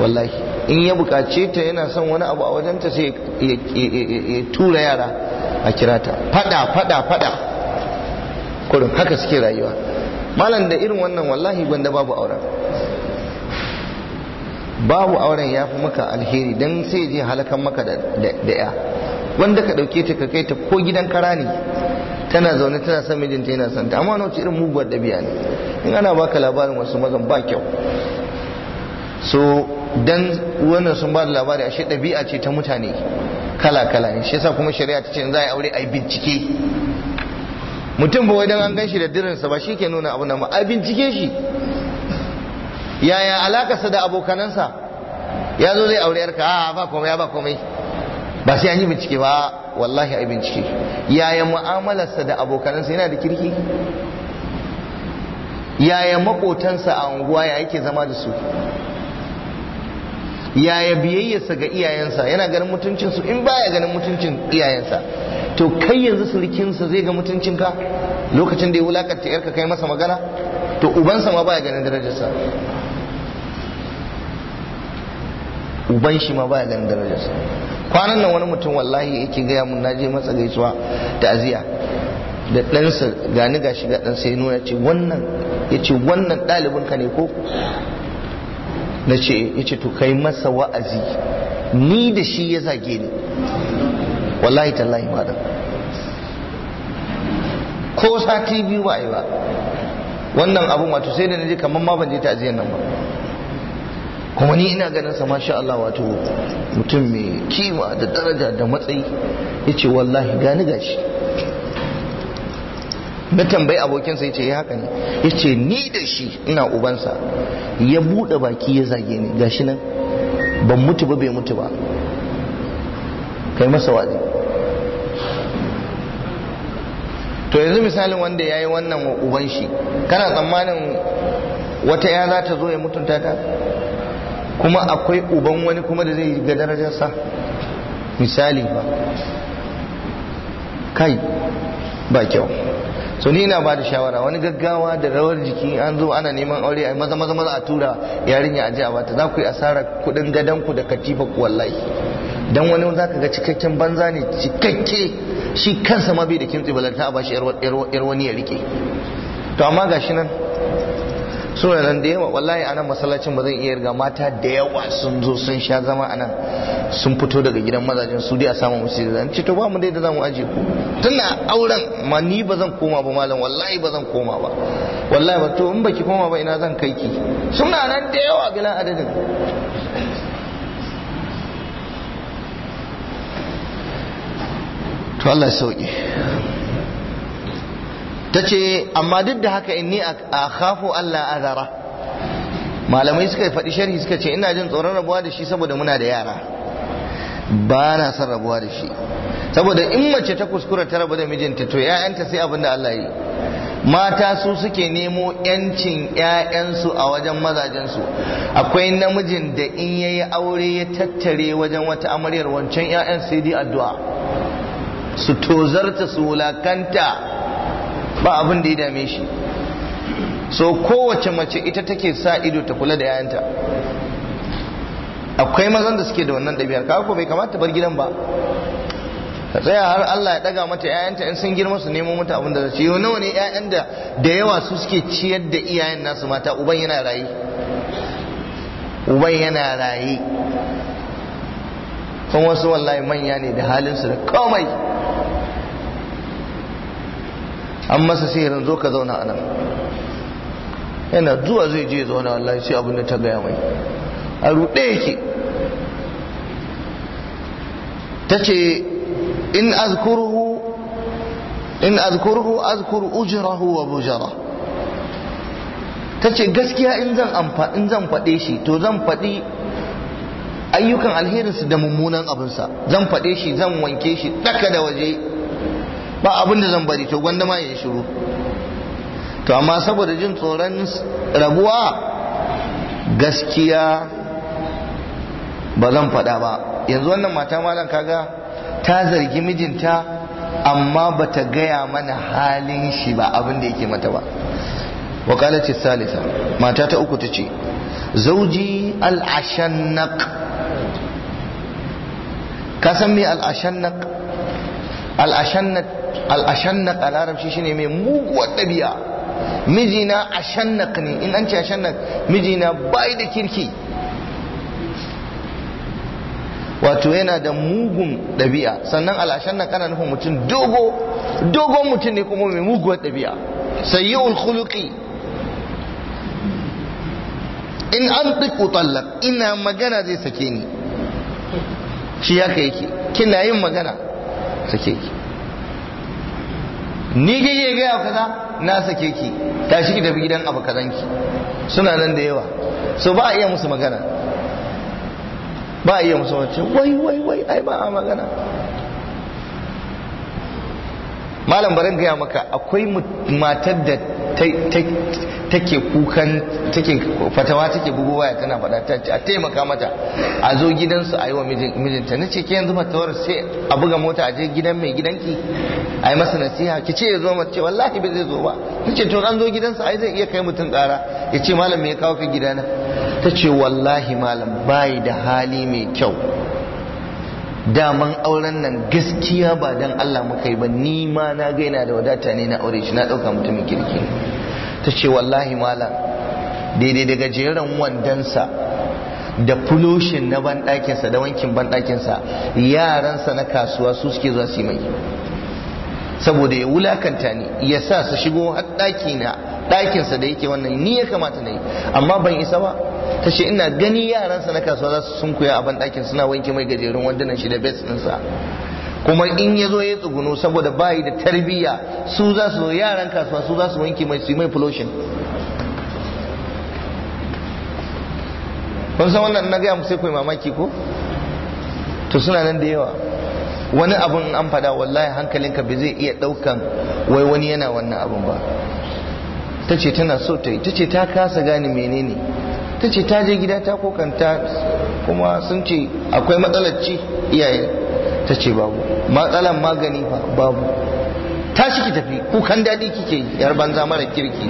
wallahi in ya bukace ta yana son wani abu a wajenta sai ya tura yara a kira ta fada fada fada kurin haka suke rayuwa malam da irin wannan wallahi gwanda babu auren babu auren ya fi maka alheri don sai je halakan maka da ya wanda ka ɗauke ta ka kai ta ko gidan kara ne tana zaune tana son mijinta yana son ta amma wani irin muguwar ɗabi'a ne in ana baka labarin wasu mazan ba kyau so dan wannan sun ba da labari ashe ɗabi'a ce ta mutane kala kala ne shi yasa kuma shari'a ta ce za a yi aure a yi bincike mutum ba wai dan an gan shi da dirinsa ba shi ke nuna abu na ma a bincike shi yaya alakarsa da abokanansa ya zo zai auri yarka a ba komai ba komai ba sai an yi bincike ba wallahi ai bincike yaya mu'amalarsa da abokanansa yana da kirki yaya makotansa a unguwa ya yake zama da su yaya biyayyarsa ga iyayensa yana ganin mutuncinsu in baya ganin mutuncin iyayensa to kai yanzu sulkinsa zai ga mutuncinka lokacin da ya wulakanta yarka kai masa magana to ubansa ma baya ganin darajarsa uban shi ma baya ganin darajarsa kwanan nan wani mutum wallahi yake gaya mun naje masa gaisuwa da aziya da ɗansa gani gashi ga ɗansa ya nuna ce wannan ya ce wannan ɗalibin ka ne ko na ce ya ce to kai masa wa'azi ni da shi ya zage ni wallahi tallahi madam ko sati biyu ba yi ba wannan abun wato sai da na je kamar ma ban je ta nan ba kuma ni ina ganin sa masha Allah wato mutum mai kima da daraja da matsayi yace wallahi gani gashi na tambayi abokinsa ya ce ya eh, haka ne yace ni da shi ina ubansa ya buɗe baki ya zage ni gashi nan ban mutu ba bai mutu ba kai masa wazi to yanzu misalin wanda ya yi wannan wa uban shi kana tsammanin wata ya za ta zo ya mutunta ta kuma akwai uban wani kuma da zai ga darajarsa misali ba kai ba kyau so ni ina ba da shawara wani gaggawa da rawar jiki an zo ana neman aure a maza maza maza a tura yarinya ya ji a bata za ku yi asara kudin gadanku da katifa ku wallahi dan wani za ka ga cikakken banza ne cikakke shi kansa ma bai da kintsi balanta a bashi yar wani ya rike to amma gashi nan suna nan da yawa wallahi anan masallacin ba zan iya riga mata da yawa sun zo sun sha zama anan sun fito daga gidan mazajen su dai a samu musu da ce to ba mu dai da zamu aje ku tana auren ma ni ba zan koma ba malam wallahi ba zan koma ba wallahi ba to in baki koma ba ina zan kai ki suna nan da yawa bila adadin to Allah ya sauke ta ce amma duk da haka in ni a khafu Allah azara malamai suka faɗi sharhi suka ce ina jin tsoron rabuwa da shi saboda muna da yara ba na son rabuwa da shi saboda in mace ta kuskura ta rabu da mijinta to ‘ya'yanta sai abin da Allah yi mata su suke nemo ‘yancin ‘ya'yansu a wajen mazajensu akwai namijin da in ya yi aure ya tattare wajen wata amaryar wancan ‘ya'yan sai dai addu'a su tozarta su wulakanta ba abin da ya dame shi so kowace mace ita take sa ido ta kula da yayanta akwai mazan da suke da wannan ɗabi'ar kaga ko bai kamata bar gidan ba ka tsaya har Allah ya daga mata 'ya'yanta in sun girma su nemo mata abin da zai yi nawa ne 'ya'yan da da yawa su suke ciyar da iyayen nasu mata uban yana rayi uban yana rayi kuma wasu wallahi manya ne da halin su da komai an masa sihirin zo ka zauna anan yana zuwa zai je zauna ya sai abin da ta gaya mai a ruɗe yake ta ce in azkurhu in azkurhu azkur ujrahu wa bujara ta ce gaskiya in zan amfa in zan fade shi to zan fadi ayyukan alherinsu da mummunan abinsa zan fade shi zan wanke shi daka da waje ba abin da zan bari to gwanda ma ya shiru to amma saboda jin tsoron rabuwa gaskiya ba zan faɗa ba yanzu wannan mata malam kaga ta zargi mijinta amma ba ta gaya mana halin shi ba abin da yake mata ba wakalace salisa mata ta uku ta ce zauji al'ashannak ka san me al'ashannak al’ashannak ashannaq a larabci ne mai muguwar ɗabi'a mijina ashannaq ne in an ce mijina bai da kirki wato yana da mugun ɗabi'a sannan al’ashannak ana nufin mutum dogo dogon mutum ne kuma mai muguwar ɗabi'a yi ulkuluki in an ɗiƙo tallar ina magana zai sake ni shi haka yake kina yin magana sake ki ni kike gaya kaza na sake ki tashi ki tafi gidan abu ki suna nan da yawa so ba a iya musu magana ba a iya musu wace wai wai wai ai ba a magana malam barin gaya maka akwai matar da take kukan take fatawa take bugowa ya tana faɗa ta a taimaka mata a zo gidansu a yi wa mijinta na ce ke yanzu fatawar sai a buga mota a je gidan mai gidanki a yi masa nasiha ki ce ya zo mace ce wallahi ba zai zo ba ta ce to an zo gidansa yi zai iya kai mutum tsara ya ce malam me ya kawo ka gidana ta ce wallahi malam bayi da hali mai kyau daman auren nan gaskiya ba dan Allah muka yi ba ni ma na ga yana da wadata ne na aure shi na ɗauka mutumin kirki ta ce wallahi malam daidai daga jeren wandonsa da fuloshin na banɗakinsa da wankin banɗakinsa yaransa na kasuwa su suke zuwa su mai saboda ya wulakanta ni ya sa su shigo har ɗakinsa da yake wannan ni ya kamata na yi amma ban isa ba ta shi ina gani yaransa na kasuwa za su kuya a banɗakin suna wanke mai gajerun wandunan shi da best ɗinsa kuma in ya zo ya tsuguno saboda bayi da tarbiyya su za su yaran kasuwa su za su wanke mai su mai pollution kun san wannan na gaya mu sai kai mamaki ko to suna nan da yawa wani abun an fada wallahi hankalinka bai zai iya ɗaukan wai wani yana wannan abun ba ta ce tana so ta yi ta ce ta kasa gane menene ta ce ta je gida ta kokanta kuma sun ce akwai matsalar ci iyaye ta ce babu matsalar magani ba babu ta shi ki tafi kukan daɗi kike yar banza mara kirki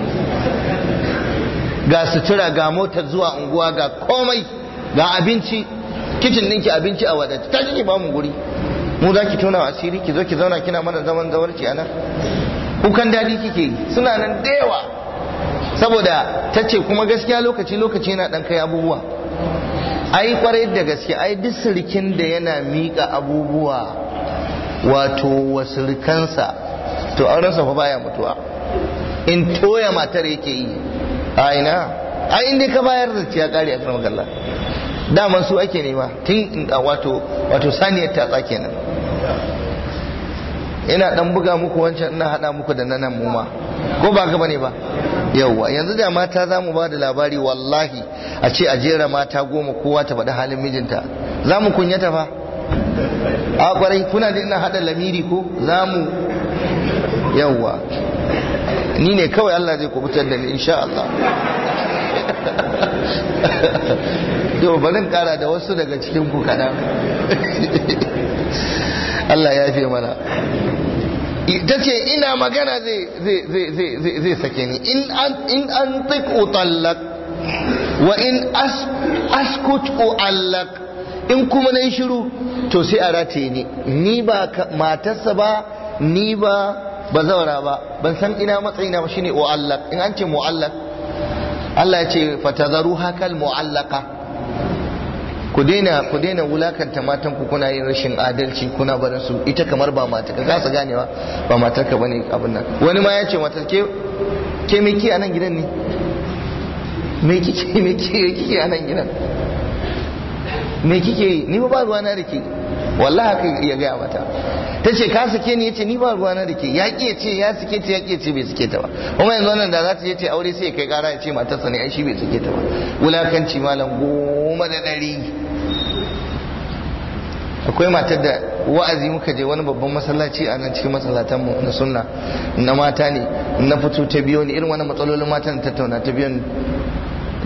ga sutura ga motar zuwa unguwa ga komai ga abinci kicin ɗinki abinci a wadace ta shi ki bamu guri mu za ki tona asiri ki zo ki zauna kina mana zaman zawarci a nan kukan daɗi kike suna nan da yawa saboda ta ce kuma gaskiya lokaci lokaci yana ɗan kai abubuwa ai kwarai da gaske ai duk sirkin da yana miƙa abubuwa wato wa sirkansa to aurensa fa baya mutuwa in toya matar yake yi a ina a inda ka bayar da ciya kare a kan magalla daman su ake nema tun wato wato saniyar ta tsake nan. ina dan buga muku wancan ina haɗa muku da nanan muma ko ba gaba ne ba yawwa yanzu da mata za mu ba da labari wallahi a ce a jera mata goma kowa ta faɗi halin mijinta za mu kunyata fa a ƙwarai kuna da ina haɗa lamiri ko za mu yawwa ni ne kawai Allah zai kubutar da ni insha Allah yau barin kara da wasu daga cikin ku kaɗan Allah ya fi mana ta ce ina magana zai sake ni in an tiku tallak wa in askut allak in kuma na yi shiru to sai a rataye ni ni ba matarsa ba ni ba ba zaura ba ban san ina matsayina ba shine allak in an ce mu'allaq Allah ya ce fatazaru hakal mu'allaka. ku daina ku daina wulakanta matan ku kuna yin rashin adalci kuna barin su ita kamar ba mata ka kasa ganewa ba matar ka bane abin nan wani ma ya ce matar ke ke me a anan gidan ne me kike me kike kike anan gidan me kike ni ba ruwa na rike wallah haka ya gaya mata ta ce ka sake ni ce ni ba ruwa na ke ya ke ce ya sake ta ya ke ce bai sake ta ba kuma yanzu nan da za ta je ta aure sai kai kara ya ce matarsa ne ai shi bai sake ta ba wulakanci malam goma da ɗari akwai matar da wa'azi muka je wani babban masallaci a nan cikin masallatan mu na sunna na mata ne na fito ta biyo ni irin wani matsalolin matan tattauna ta biyo ni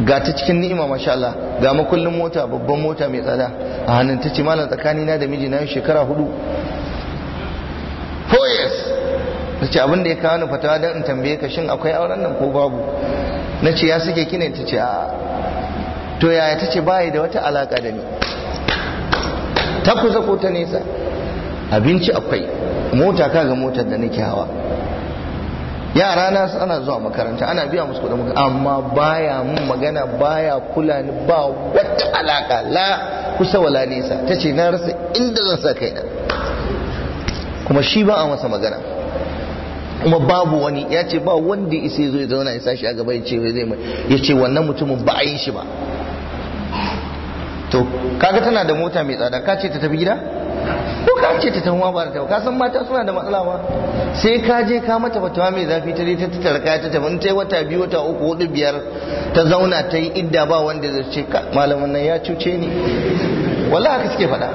ga ta cikin ni'ima masha Allah ga makullin mota babban mota mai tsada a hannun ta ce malam na da miji na shekara hudu four years ta ce abinda ya kawo ni fatawa don in tambaye ka shin akwai auren nan ko babu na ce ya suke kine ta ce a to yaya ta ce baya da wata alaka da ni ta kusa ko ta nesa abinci akwai mota kaga motar da nake hawa yara na ana zuwa makaranta ana biya musu kuɗin makaranta amma baya mun magana baya kula ni ba wata alaka la kusa wala nesa ta na rasa inda zan sa kai kuma shi ba a masa magana kuma babu wani ya ce ba wanda isa zo ya zauna ya sashi a gaba ya ce zai mai ya ce wannan mutumin ba a yi shi ba to kaga tana da mota mai tsada ka ce ta tafi gida ce ta tamuwa ba ta ka san mata suna da matsala ba sai ka je ka mata fatawa mai zafi ta ta tarka ta tafi ta yi wata biyu wata uku hudu biyar ta zauna ta yi idda ba wanda zai ce malamin nan ya cuce ni wala haka suke faɗa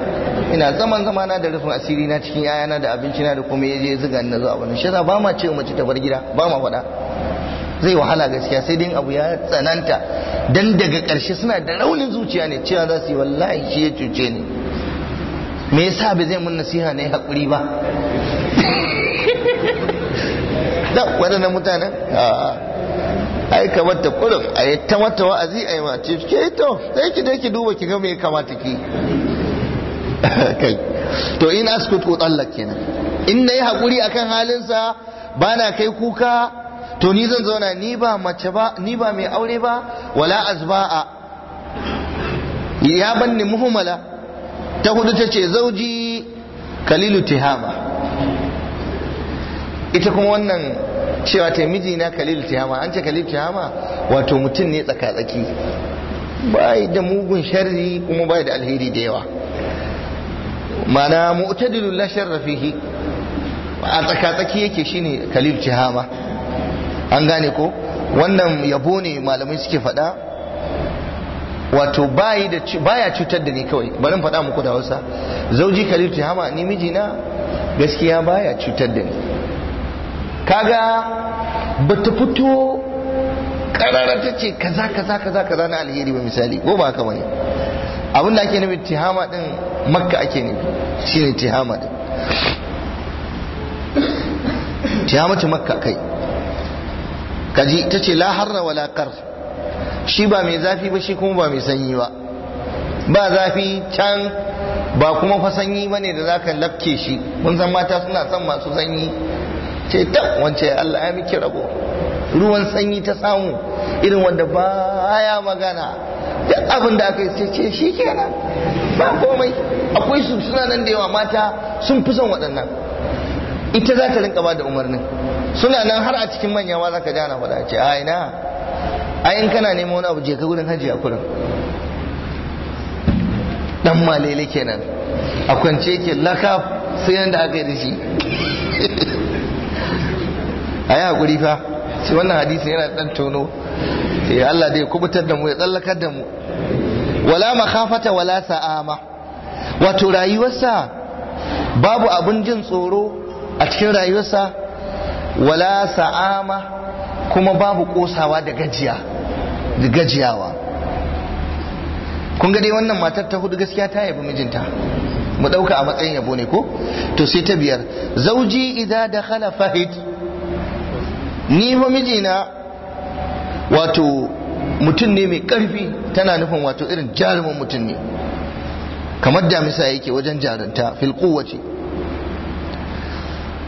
ina zaman zamana da rufin asiri na cikin yayana da abinci na da kuma ya je zuga na zuwa wani shi ba ma ce mace ta bar gida ba ma faɗa zai wahala gaskiya sai dai abu ya tsananta dan daga karshe suna da raunin zuciya ne cewa za su yi wallahi shi ya cuce ni me yasa ba zai mun nasiha ne hakuri ba da waɗannan mutanen ai kamar ta kurum a yi ta mata wa'azi a yi ma ce ke to da yake da yake duba ki ga me kamata ki kai to ina su ko tsallak kenan in na yi haƙuri akan halinsa ba na kai kuka to ni zan zauna ni ba mace ba ni ba mai aure ba wala azba'a ya banni muhimmala ta hudu ta ce zauji kalilu tihama ita kuma wannan cewa ta miji na kalilu tihama an ce kalilu tihama wato mutum ne tsakatsaki. tsaki bai da mugun sharri kuma bai da alheri da yawa mana mu'tadilul la sharra a tsaka yake shine kalilu tihama an gane ko wannan yabo ne malamai suke faɗa wato baya cutar da ni kawai bari in faɗa muku da Hausa zauji kalibti hama ni mijina gaskiya baya cutar da ni kaga bata fito karara ta ce kaza kaza kaza kaza na alheri ba misali ko ba haka bane abin da ake nufi tihama din makka ake nufi shine tihama din tihama ce makka kai kaji ta ce la harra wala qar shi ba mai zafi ba shi kuma ba mai sanyi ba ba zafi can ba kuma fa sanyi ba ne da za ka lafke shi mun san mata suna son masu sanyi ce ta wance Allah ya miki rabo ruwan sanyi ta samu irin wanda ba ya magana duk abin da aka yi ce shi kenan ba komai akwai su suna nan da yawa mata sun fi son waɗannan ita za ta rinka ba da umarnin suna nan har a cikin manya ma za ka jana faɗa ce a ina ayin kana neman wani abu je ka hajji a kurin dan malele kenan a kwance ke laka sai yanda aka yi da shi a yi haƙuri fa sai wannan hadisi yana dan tono sai eh, Allah dai kubutar da mu ya tsallakar da mu wala makafata wala sa'ama wato rayuwarsa babu abin jin tsoro a cikin rayuwarsa wala sa'ama kuma babu kosawa da gajiya da gajiyawa kun ga dai wannan matar ta hudu gaskiya ta yabi mijinta mu dauka a matsayin yabo ne ko to sai ta biyar zauji idza dakhala fahid ni ma mijina wato mutum ne mai karfi tana nufin wato irin jarumin mutum ne kamar damisa yake wajen jarunta fil quwwati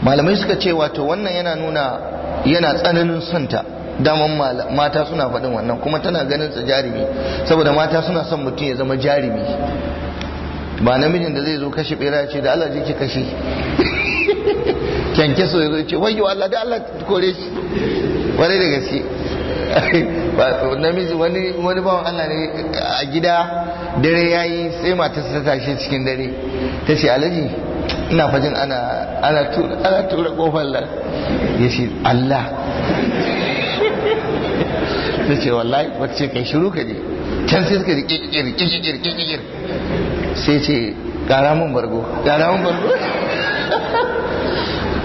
malamai suka ce wato wannan yana nuna yana tsananin santa daman mata suna faɗin wannan kuma tana ganin sa jarumi saboda mata suna son mutum ya zama jarumi ba namijin da zai zo kashe bera ce da Allah jiki kashe kyanke so zai ce wayyo Allah da Allah kore shi wani da gaske namiji wani wani bawan Allah ne a gida dare yayi sai matarsa ta tashi cikin dare ta ce alaji ina fajin ana tura kofar nan ya ce Allah ta ce wallahi wata ce kai shiru ka je can sai suka rike kirkir sai ce karamin bargo karamin bargo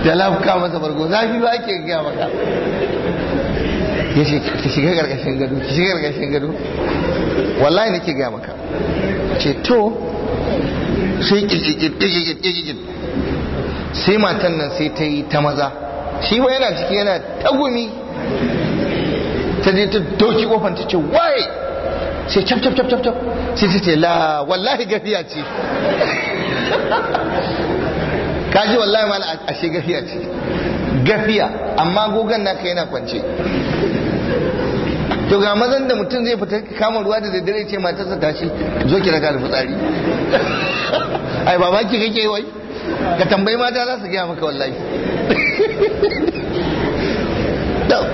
da lafuka masa bargo zafi ba ake gaya maka ya ce ka shiga gargashin gado ka shiga gargashin gado wallahi nake gaya maka ce to sai kirkir kirkir kirkir sai matan nan sai ta yi ta maza shi ba yana ciki yana tagumi ta je ta doki kofar ta ce waye sai cap cap cap cap cap sai ta ce la wallahi gafiya ce kaji wallahi mala ashe gafiya ce gafiya amma gogan naka yana kwance to ga mazan da mutum zai fita kama ruwa da daddare ce matarsa tashi zo ki raka da fitsari ai baba ki kake wai ka tambayi mata za su gaya maka wallahi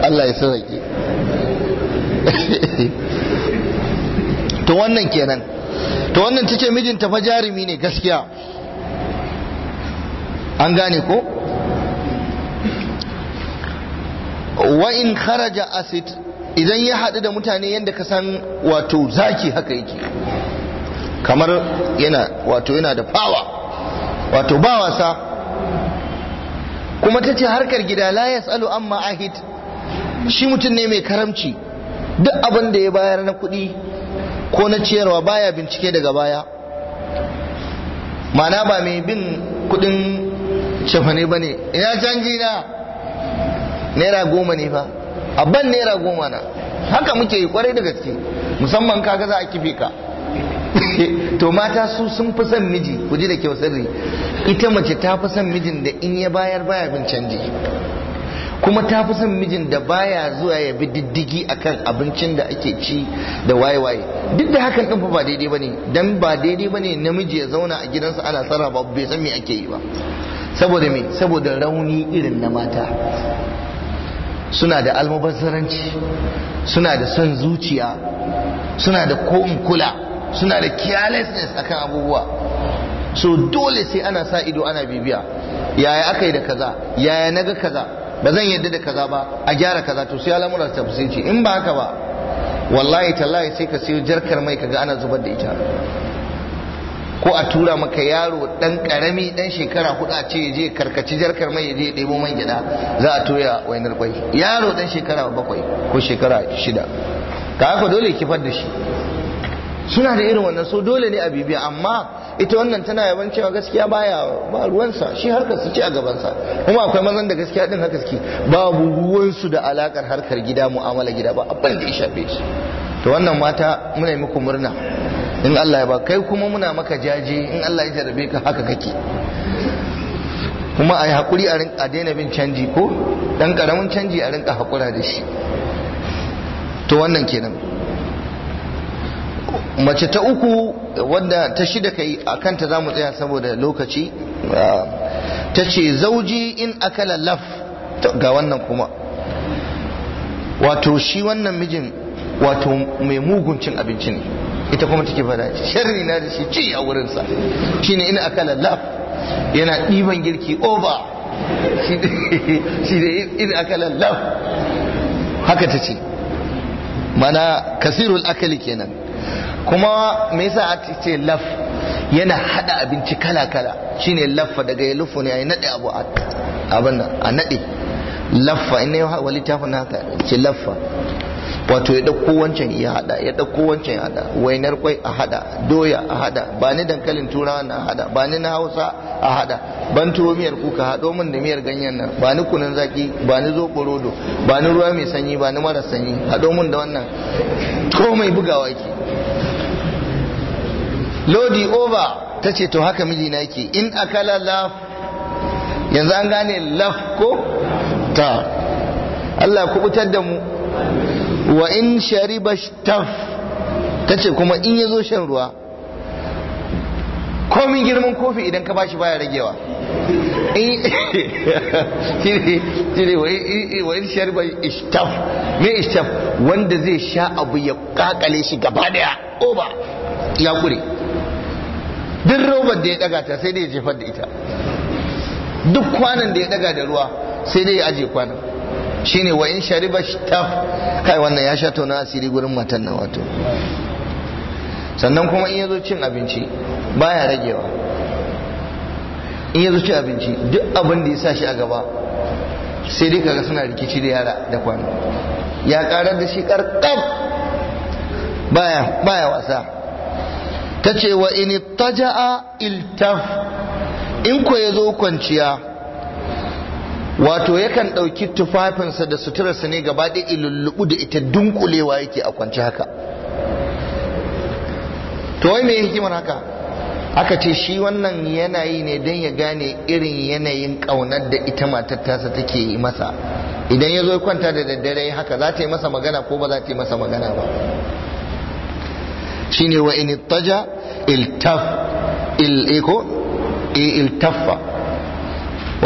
Allah ya sarrake to wannan kenan to wannan tace mijinta fa jarumi ne gaskiya an gane ko wain haraja kharaja asid idan ya haɗu da mutane yadda ka san wato zaki haka yake kamar yana wato yana da power. wato ba wasa kuma ta ce harkar gida la yas'alu amma ahid shi mutum ne mai karamci duk abin da ya bayar na kuɗi ko na ciyarwa baya bincike daga baya mana ba mai bin kuɗin cefane ba ne ina canji na naira goma ne fa ban naira goma na haka muke yi kwarai da gaske musamman kaga za a kife ka to mata su sun fi son miji ku ji da kyau sirri ita mace ta fi son mijin da in ya bayar baya bin canji kuma ta fi son mijin da baya zuwa ya bi diddigi akan abincin da ake ci da waye duk da hakan ɗin ba daidai bane dan ba daidai bane namiji ya zauna a gidansa ana ba bai san me ake yi ba saboda me saboda rauni irin na mata suna da almubazzaranci suna da son zuciya suna da ko in kula suna da carelessness akan abubuwa so dole sai ana sa ido ana bibiya yaya aka yi da kaza yaya na ga kaza ba zan yadda da kaza ba a gyara kaza to sai al'amura ta fusinci in ba haka ba wallahi tallahi sai ka sayo jarkar mai kaga ana zubar da ita ko a tura maka yaro dan karami dan shekara hudu a ce je karkaci jarkar mai ya je ɗebo man gida za a toya wainar kwai yaro dan shekara bakwai ko shekara shida ka haka dole kifar da shi suna da irin wannan so dole ne a bibiya amma ita wannan tana yaban cewa gaskiya baya ba ruwansa shi harkar su ce a gabansa kuma akwai mazan da gaskiya din haka suke babu ruwansu da alakar harkar gida mu'amala gida ba abin da ya shafe shi to wannan mata muna muku murna in Allah ya ba kai kuma muna maka jaje in Allah ya jarabe ka haka kake kuma a yi haƙuri a daina bin canji ko ɗan ƙaramin canji a rinka haƙura da shi to wannan kenan mace ta uku wadda ta shida kai a kanta za mu tsaya saboda lokaci ah, ta ce zauji in akala laf ga wannan kuma wato shi wannan mijin wato mai mugun cin abinci ne ita kuma take fada sharri na da shi ci a wurinsa shine in akala laf yana ɗiban girki over shi ne in akala laf haka ta ce mana kasirul akali kenan kuma me yasa a laf yana hada abinci kala-kala shine lafa daga ya lufu ne a yi naɗe abu a naɗe laffa ina yi wa littafin haka ce laffa wato ya ɗauko wancan ya hada ya ɗauko wancan ya hada wainar kwai a hada doya a hada ba ni dankalin turawa na hada ba ni na hausa a hada ban turo miyar kuka haɗo min da miyar ganyen nan ba ni kunun zaki ba ni zo ba ni ruwa mai sanyi ba ni mara sanyi haɗo min da wannan komai bugawa yake lodi over ta ce to haka mijina yake in akala laf yanzu an gane laf ko ta Allah kubutar da mu wa in shariba shtaf ce kuma in ya zo shan ruwa komin girman kofi idan ka bashi baya ragewa wa in shariba ishtaf me ishtaf wanda zai sha abu ya kakale shi gaba daya oba ya kure duk robar da ya daga ta sai dai ya jefar da ita duk kwanan da ya daga da ruwa sai da ya aje kwanan shine wa in shariba taf kai wannan ya sha na asiri gurin matan nan wato sannan kuma in yazo cin abinci baya ragewa in yazo cin abinci duk abin da ya sa shi a gaba sai dai kaga suna rikici da yara da kwano ya karar da shi karkar baya baya wasa tace wa in taja'a iltaf in ko yazo kwanciya wato yakan ɗauki tufafinsa da suturarsa ne gaba da ilullubu da ita dunkulewa yake a kwance haka to wai me hikimar haka aka ce shi wannan yanayi ne don ya gane irin yanayin ƙaunar da ita matar tasa take yi masa idan ya zo kwanta da daddare haka za ta yi masa magana ko ba za ta yi masa magana ba shine wa in iltaf eh, eh, iltaffa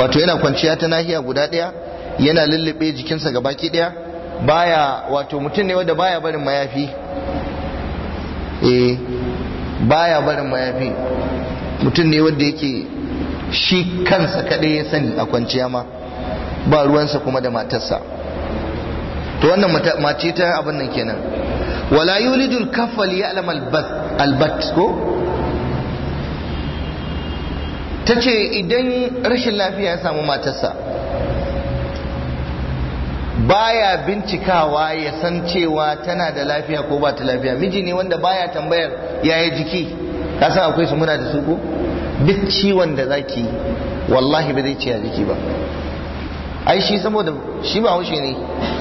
wato yana kwanciya ta nahiya guda ɗaya yana lullube jikinsa ga baki ɗaya baya wato mutum ne wanda baya barin mayafi eh baya barin mayafi mutum ne wanda yake shi kansa kadai ya sani a kwanciya ma ba ruwansa kuma da matarsa to wannan mace ta abin nan kenan wala yulidul kaffal ya'lam albat ko ta ce idan rashin lafiya ya samu matarsa baya bincikawa ya san cewa tana da lafiya ko ba ta lafiya miji ne wanda baya tambayar yaya jiki ka san akwai su muna da su ko duk ciwon da zaki wallahi ba zai ce ya jiki ba ai shi saboda shi ba haushe ne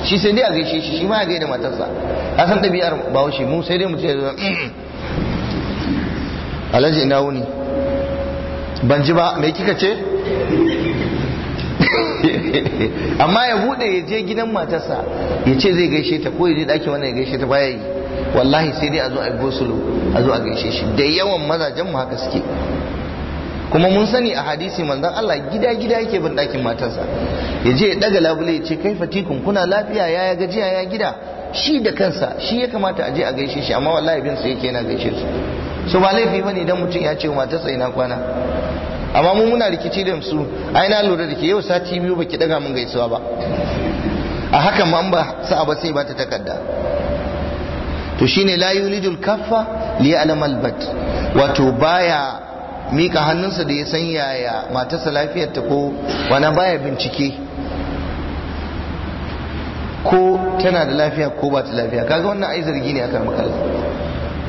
shi sai dai a gaishe shi shi ma ya gaida matarsa ka san ɗabi'ar ba haushe mu sai dai mu ce alhaji ina wuni ban ji ba mai kika ce amma ya bude ya je gidan matarsa ya ce zai gaishe ta ko ya je daki wannan ya gaishe ta baya yi wallahi sai dai a zo a gosulu a zo a gaishe shi da yawan mazajen mu haka suke kuma mun sani a hadisi manzon Allah gida gida yake bin dakin matarsa ya je ya daga labule ya ce kai fatikun kuna lafiya ya ya gajiya ya gida shi da kansa shi ya kamata a je a gaishe shi amma wallahi bin sa yake yana gaishe su so ba laifi bane idan mutum ya ce matarsa ina kwana amma mu muna rikici da su ai na lura da ke yau sati biyu ba ki daga mun gaisuwa ba a hakan ma ba sa'a ba sai ba ta takarda to shine la yulidul kaffa li ya'lamal bat wato baya mika hannunsa da ya san yaya matarsa lafiyar ta ko wani baya bincike ko tana da lafiya ko ba ta lafiya kaga wannan ai zargi ne akan makalla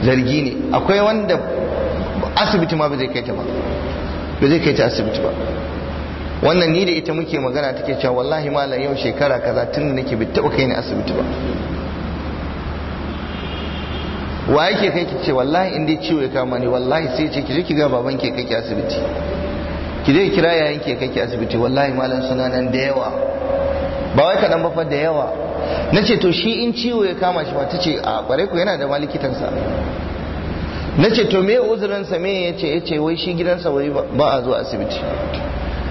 zargi ne akwai wanda asibiti ma ba zai kai ta ba ba zai kai ta asibiti ba wannan ni da ita muke magana take cewa wallahi malam yau shekara kaza tun da nake bai taba kai ni asibiti ba wa yake kai ki ce wallahi in dai ciwo ya kama ni wallahi sai ce ki je ki ga baban ke kai asibiti ki je kira yayin ke kai asibiti wallahi malam suna nan da yawa ba wai kadan ba fa da yawa na ce to shi in ciwo ya kama shi ma tace a kware ku yana da malikitansa? na ce to me uzurinsa me ya ce ya ce wai shi gidansa wai ba a zuwa asibiti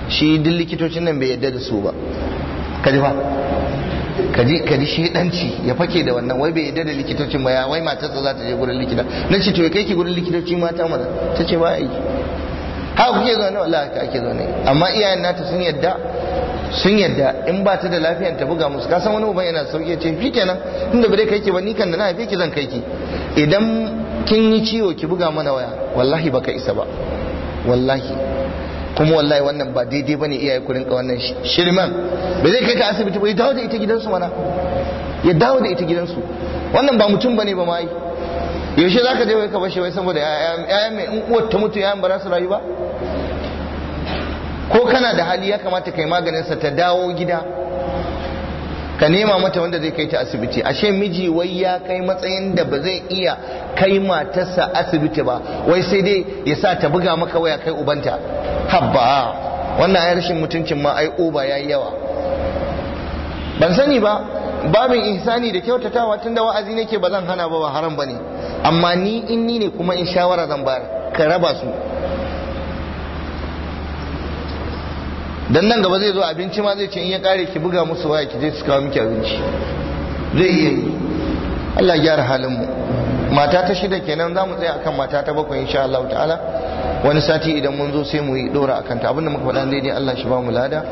shi duk likitocin nan bai yadda da su ba kaji ba kaji kaji shedanci ya fake da wannan wai bai yadda da likitocin ba ya wai mata za ta je gurin likita na ce to ya kai ki gurin likitoci mata mana ta ce ba aiki haka kuke zaune wallahi ka ake zaune amma iyayen nata sun yadda sun yadda in ba ta da lafiyan ta buga musu kasan wani uban yana sauke ce fi kenan inda ba dai kai ki ba ni kan da na haife ki zan kai ki idan kin yi ciwo ki buga mana waya wallahi baka isa ba wallahi kuma wallahi wannan ba daidai bane iyaye ku rinka wannan shirman ba zai kai ka asibiti ba ya dawo da ita gidansu mana ya dawo da ita gidansu wannan ba mutum bane ba mai yaushe zaka je wai ka bashi wai saboda yayan mai in uwar ta mutu yayan ba za su rayu ba ko kana da hali ya kamata kai maganin sa ta dawo gida ka nema mata wanda zai kai ta asibiti ashe miji wai ya kai matsayin da ba zai iya kai matarsa asibiti ba wai sai dai ya sa ta buga maka waya kai ubanta habba wannan ayar rashin mutuncin ma ai ya yayi yawa ban sani ba babin ihsani da kyautatawa tun da wa'azi nake ba zan hana ba ba haram bane amma ni in ni ne kuma in shawara zan bayar ka raba su dan nan gaba zai zo abinci ma zai ce in ya kare ki buga musu waya ki je su kawo miki abinci zai iya yi Allah gyara halin mu mata ta shida kenan za mu tsaya akan mata ta bakwai insha Allah ta'ala wani sati idan mun zo sai mu yi dora akan ta abinda muka faɗa daidai Allah shi ba mu lada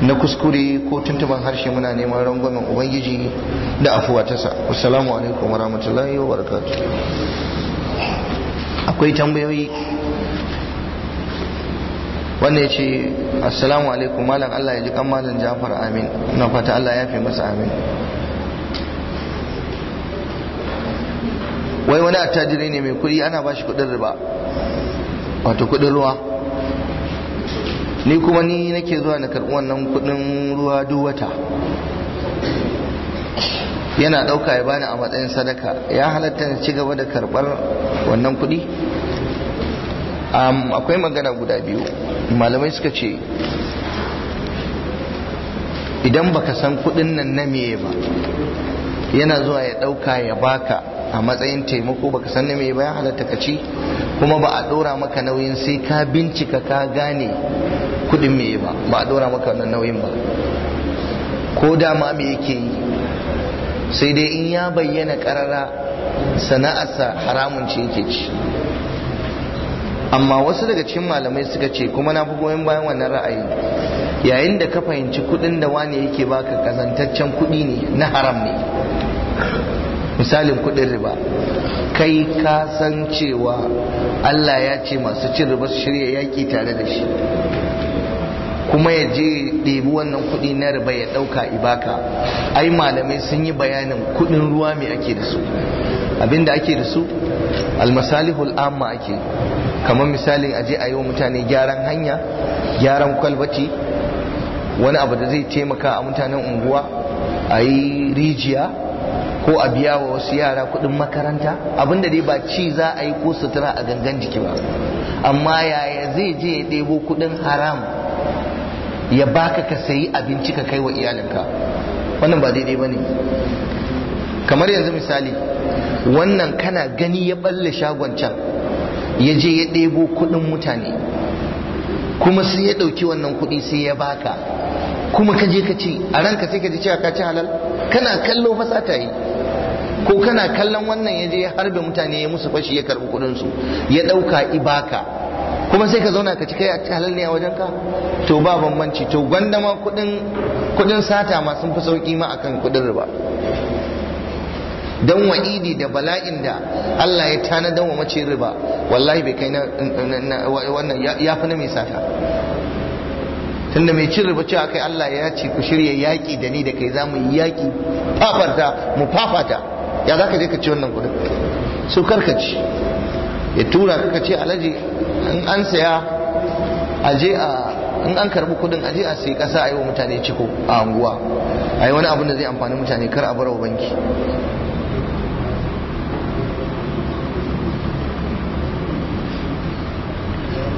na kuskure ko tuntuban harshe muna neman rangwamen ubangiji da afuwa ta sa assalamu alaikum warahmatullahi wabarakatuh akwai tambayoyi wannan ya ce assalamu alaikum malam Allah ya ji kan malam Jafar amin na fata Allah ya fi masa amin wai wani attajiri ne mai kuɗi ana bashi kuɗin riba wato kuɗin ruwa ni kuma ni nake zuwa na karɓi wannan kuɗin ruwa duk wata yana ɗauka ya bani a matsayin sadaka ya halatta na ci gaba da karɓar wannan kuɗi Um, akwai magana guda biyu malamai suka ce idan baka san kudin nan na meye ba yana zuwa ya dauka ya baka a matsayin taimako baka san na meye ba ya halatta ka ci kuma ba a dora maka nauyin sai ka bincika ka gane kudin meye ba ba a dora maka wannan nauyin ba ko dama me yake yi sai dai in ya bayyana karara sana'arsa haramun ce yake ci amma wasu daga cikin malamai suka ce kuma na fi goyon bayan wannan ra'ayi yayin da ka fahimci kuɗin da wani yake baka kazantaccen kuɗi ne na haram ne misalin kuɗin riba kai ka san cewa Allah ya ce masu cin riba su shirya yaki tare da shi kuma ya je ɗebi wannan kuɗi na riba ya ɗauka ibaka ai malamai sun yi bayanin kuɗin ruwa mai ake da su abinda ake da su almasalihul amma ake kamar misalin je a yi wa mutane gyaran hanya gyaran kwalbati wani abu da zai taimaka a mutanen unguwa a yi rijiya ko a biya wa wasu yara kudin makaranta abinda dai ba ci za a yi ko sutura a gangan jiki ba amma yaya zai je ya ɗebo kudin haram ya baka ka sayi abinci ka kai wa iyalinka wannan ba daidai ba ne kamar yanzu misali wannan kana gani ya balle shagon can ya je ya ɗebo kuɗin mutane kuma sai ya ɗauki wannan kuɗi sai ya baka kuma ka je ka ci a ranka sai ka ji cewa ka ci halal kana kallo fasa ta yi ko kana kallon wannan ya je ya harbe mutane ya musu fashi ya karɓi kuɗinsu ya ɗauka ibaka kuma sai ka zauna ka ci kai a halal ne a wajen ka to ba bambanci to gwanda ma kuɗin sata ma sun fi sauƙi ma akan kuɗin riba don wa'idi da bala'in da Allah ya tana don wa mace riba wallahi bai kai na wannan ya fi na mai sata tunda mai cin riba cewa kai Allah ya ce ku shirya yaƙi da ni da kai za mu yi yaƙi fafarta mu fafata ya za ka je ka ci wannan kuɗin su karkaci ya tura ka ce alaji in an saya aje a in an karbi kudin aje a sai kasa a yi wa mutane ciko a anguwa a yi wani abin da zai amfani mutane kar a bar wa banki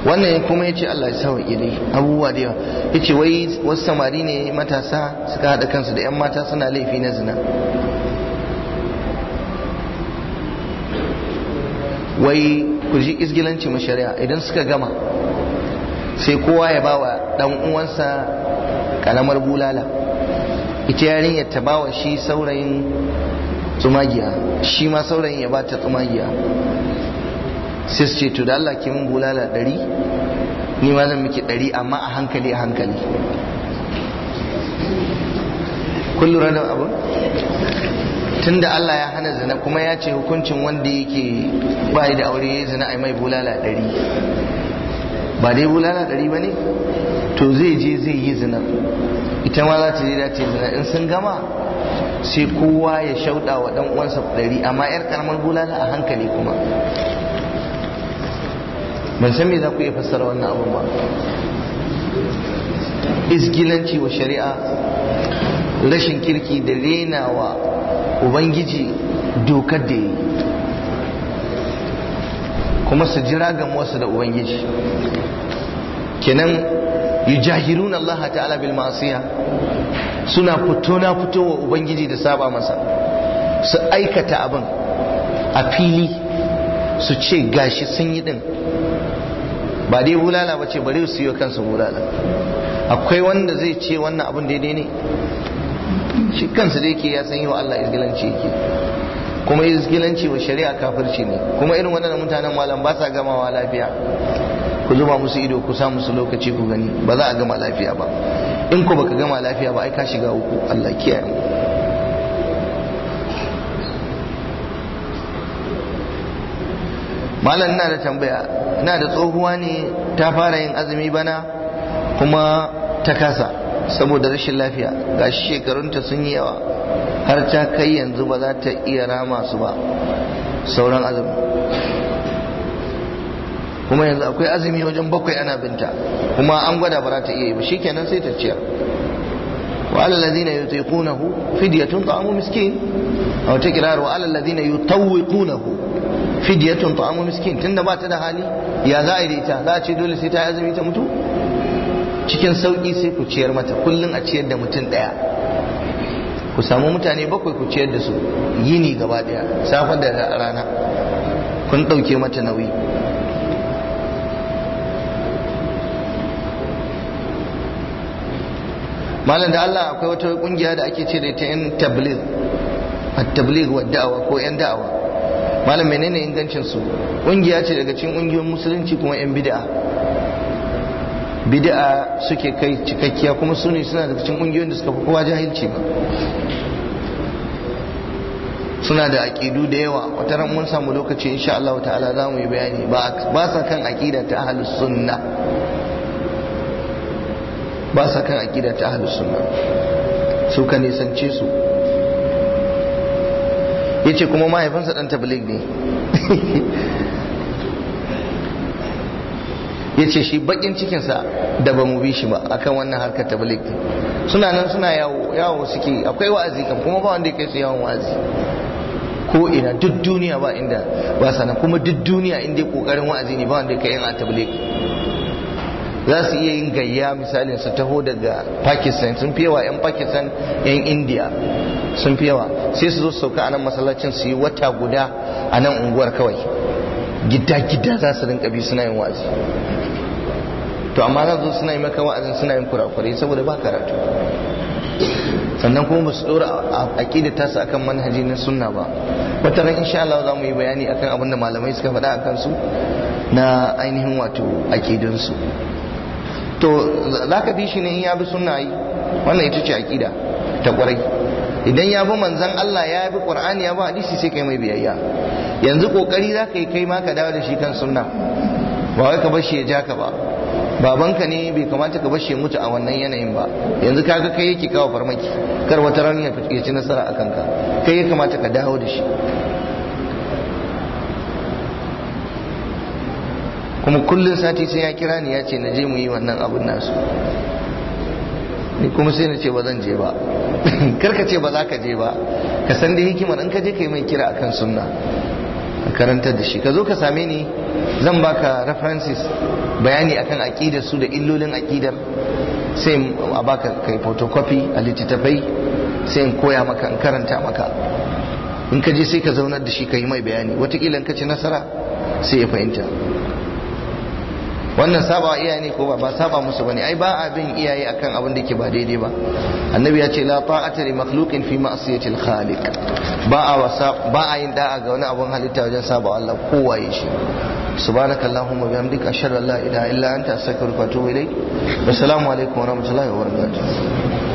wannan kuma ya ce Allah ya sawa ilai abubuwa da yawa ya ce wai wasu samari ne matasa suka haɗa kansu da 'yan mata suna laifi na zina wai ku ji izgilanci mu idan suka gama sai kowa ya bawa ɗan uwansa ƙaramar bulala ita yarinyar ta bawa shi saurayin tsumagiya shi ma saurayin ya ba ta tsumagiya sai su ce to da Allah ke mun bulala ɗari ni ma zan miki ɗari amma a hankali a hankali kun lura da abu da Allah ya hana zina kuma ya ce hukuncin wanda yake bayi da aure zina a mai bulala ɗari ba dai bulala ɗari ba ne to zai je zai yi zina ita ma za ta je da ta zina in sun gama sai kowa ya shauɗa wa ɗan uwansa ɗari amma 'yar karamar bulala a hankali kuma ban san me za ku iya fassara wannan abun ba isgilanci wa shari'a rashin kirki da renawa ubangiji dokar da yi kuma su jira ga wasu da ubangiji kenan yujahiruna Allah ta'ala bil masiya suna fito na fito wa ubangiji da saba masa su aikata abin a fili su ce gashi sun yi din ba dai bulala ba ce bari su yi kansu bulala akwai wanda zai ce wannan abin daidai ne shi kansa dai ke ya san yi wa Allah izgilanci yake kuma izgilanci wa shari'a kafirci ne kuma irin wannan mutanen malam ba sa gamawa lafiya ku zuba musu ido ku sa musu lokaci ku gani ba za a gama lafiya ba in ku baka gama lafiya ba ai ka shiga uku Allah kiyaye mu malam ina da tambaya ina da tsohuwa ne ta fara yin azumi bana kuma ta kasa saboda rashin lafiya gashi shekarunta sun yi yawa har ta kai yanzu ba za ta iya rama su ba sauran azumi kuma yanzu akwai azumi wajen bakwai ana binta kuma an gwada ba za ta iya yi ba shikenan sai ta ciyar وعلى الذين يطيقونه فدية طعام مسكين أو تكرار وعلى الذين يطوقونه فدية طعام مسكين تند ba ta da hali ya za a ita za a ce dole sai ta azumi ta mutu cikin sauki sai ku ciyar mata kullun a ciyar da mutum daya ku samu mutane bakwai ku ciyar da su yini gaba daya safar da rana kun dauke mata nauyi malam da Allah akwai wata kungiya da ake ce da ta yan tabligh at-tabligh wa da'awa ko yan da'awa malam menene ingancin su kungiya ce daga cikin kungiyoyin musulunci kuma yan bid'a bid'a suke kai cikakkiya kuma su ne suna daga cikin kungiyoyin da suka fi kowa jahilci ba suna da aƙidu da yawa wata ran mun samu lokaci insha Allah ta'ala zamu yi bayani ba sa kan aƙida ta ahlus sunna ba sa kan aƙida ta ahlus sunna su ka nisance su yace kuma mahaifinsa dan tabligh ne yace shi bakin cikinsa da ba mu bi shi ba akan wannan harkar tabligh suna nan suna yawo yawo suke akwai wa'azi kan kuma ba wanda ya kai su yawon wa'azi ko ina duk duniya ba inda ba sana kuma duk duniya inda kokarin wa'azi ne ba wanda ya kai yan tabligh za su iya yin gayya misalin su taho daga pakistan sun fi yawa 'yan pakistan 'yan india sun fi yawa sai su zo sauka a nan masallacin su yi wata guda a nan unguwar kawai gida-gida za su rinka bi suna yin wazi to amma za zo suna yi maka wa'azin suna yin kurakurai saboda ba karatu sannan kuma su dora aqida ta su akan manhaji na sunna ba wata ran insha Allah za mu yi bayani akan abin da malamai suka faɗa akan su na ainihin wato aqidun su to za ka bi shi ne in ya bi sunna yi wannan ita ce aƙida ta ƙwarai idan ya bi manzan Allah ya bi ƙwar'ani ya bi hadisi sai kai mai biyayya yanzu ƙoƙari za ka yi kai ma ka dawo da shi kan suna ba wai ka bar shi ya ja ka ba babanka ne bai kamata ka bar shi mutu a wannan yanayin ba yanzu kaga kai yake kawo farmaki kar wata rani ya ci nasara a kanka kai ya kamata ka dawo da shi kuma kullum sati sai ya kira ni ya ce na je mu yi wannan abun nasu ni kuma sai na ce ba zan je ba karka ce ba za ka je ba ka san da hikimar in ka je mai kira akan sunna a karantar da shi ka zo ka same ni zan baka references bayani akan aqidar su da illolin aqidar sai a baka kai photocopy a littattafai sai in koya maka in karanta maka in ka je sai ka zaunar da shi ka yi mai bayani watakila in ka ci nasara sai ya fahimta wannan saba iyaye ne ko ba saba musu bane ai ba a bin iyaye akan abin da ke ba daidai ba annabi ya ce la ta'ata li makhluqin fi ma'siyati al-khaliq ba a wasa ba a yin da'a ga wani abun halitta wajen saba Allah kowa waye shi subhanakallahumma bihamdika ashhadu an la ilaha illa anta astaghfiruka wa atubu ilayk assalamu alaikum wa rahmatullahi wa barakatuh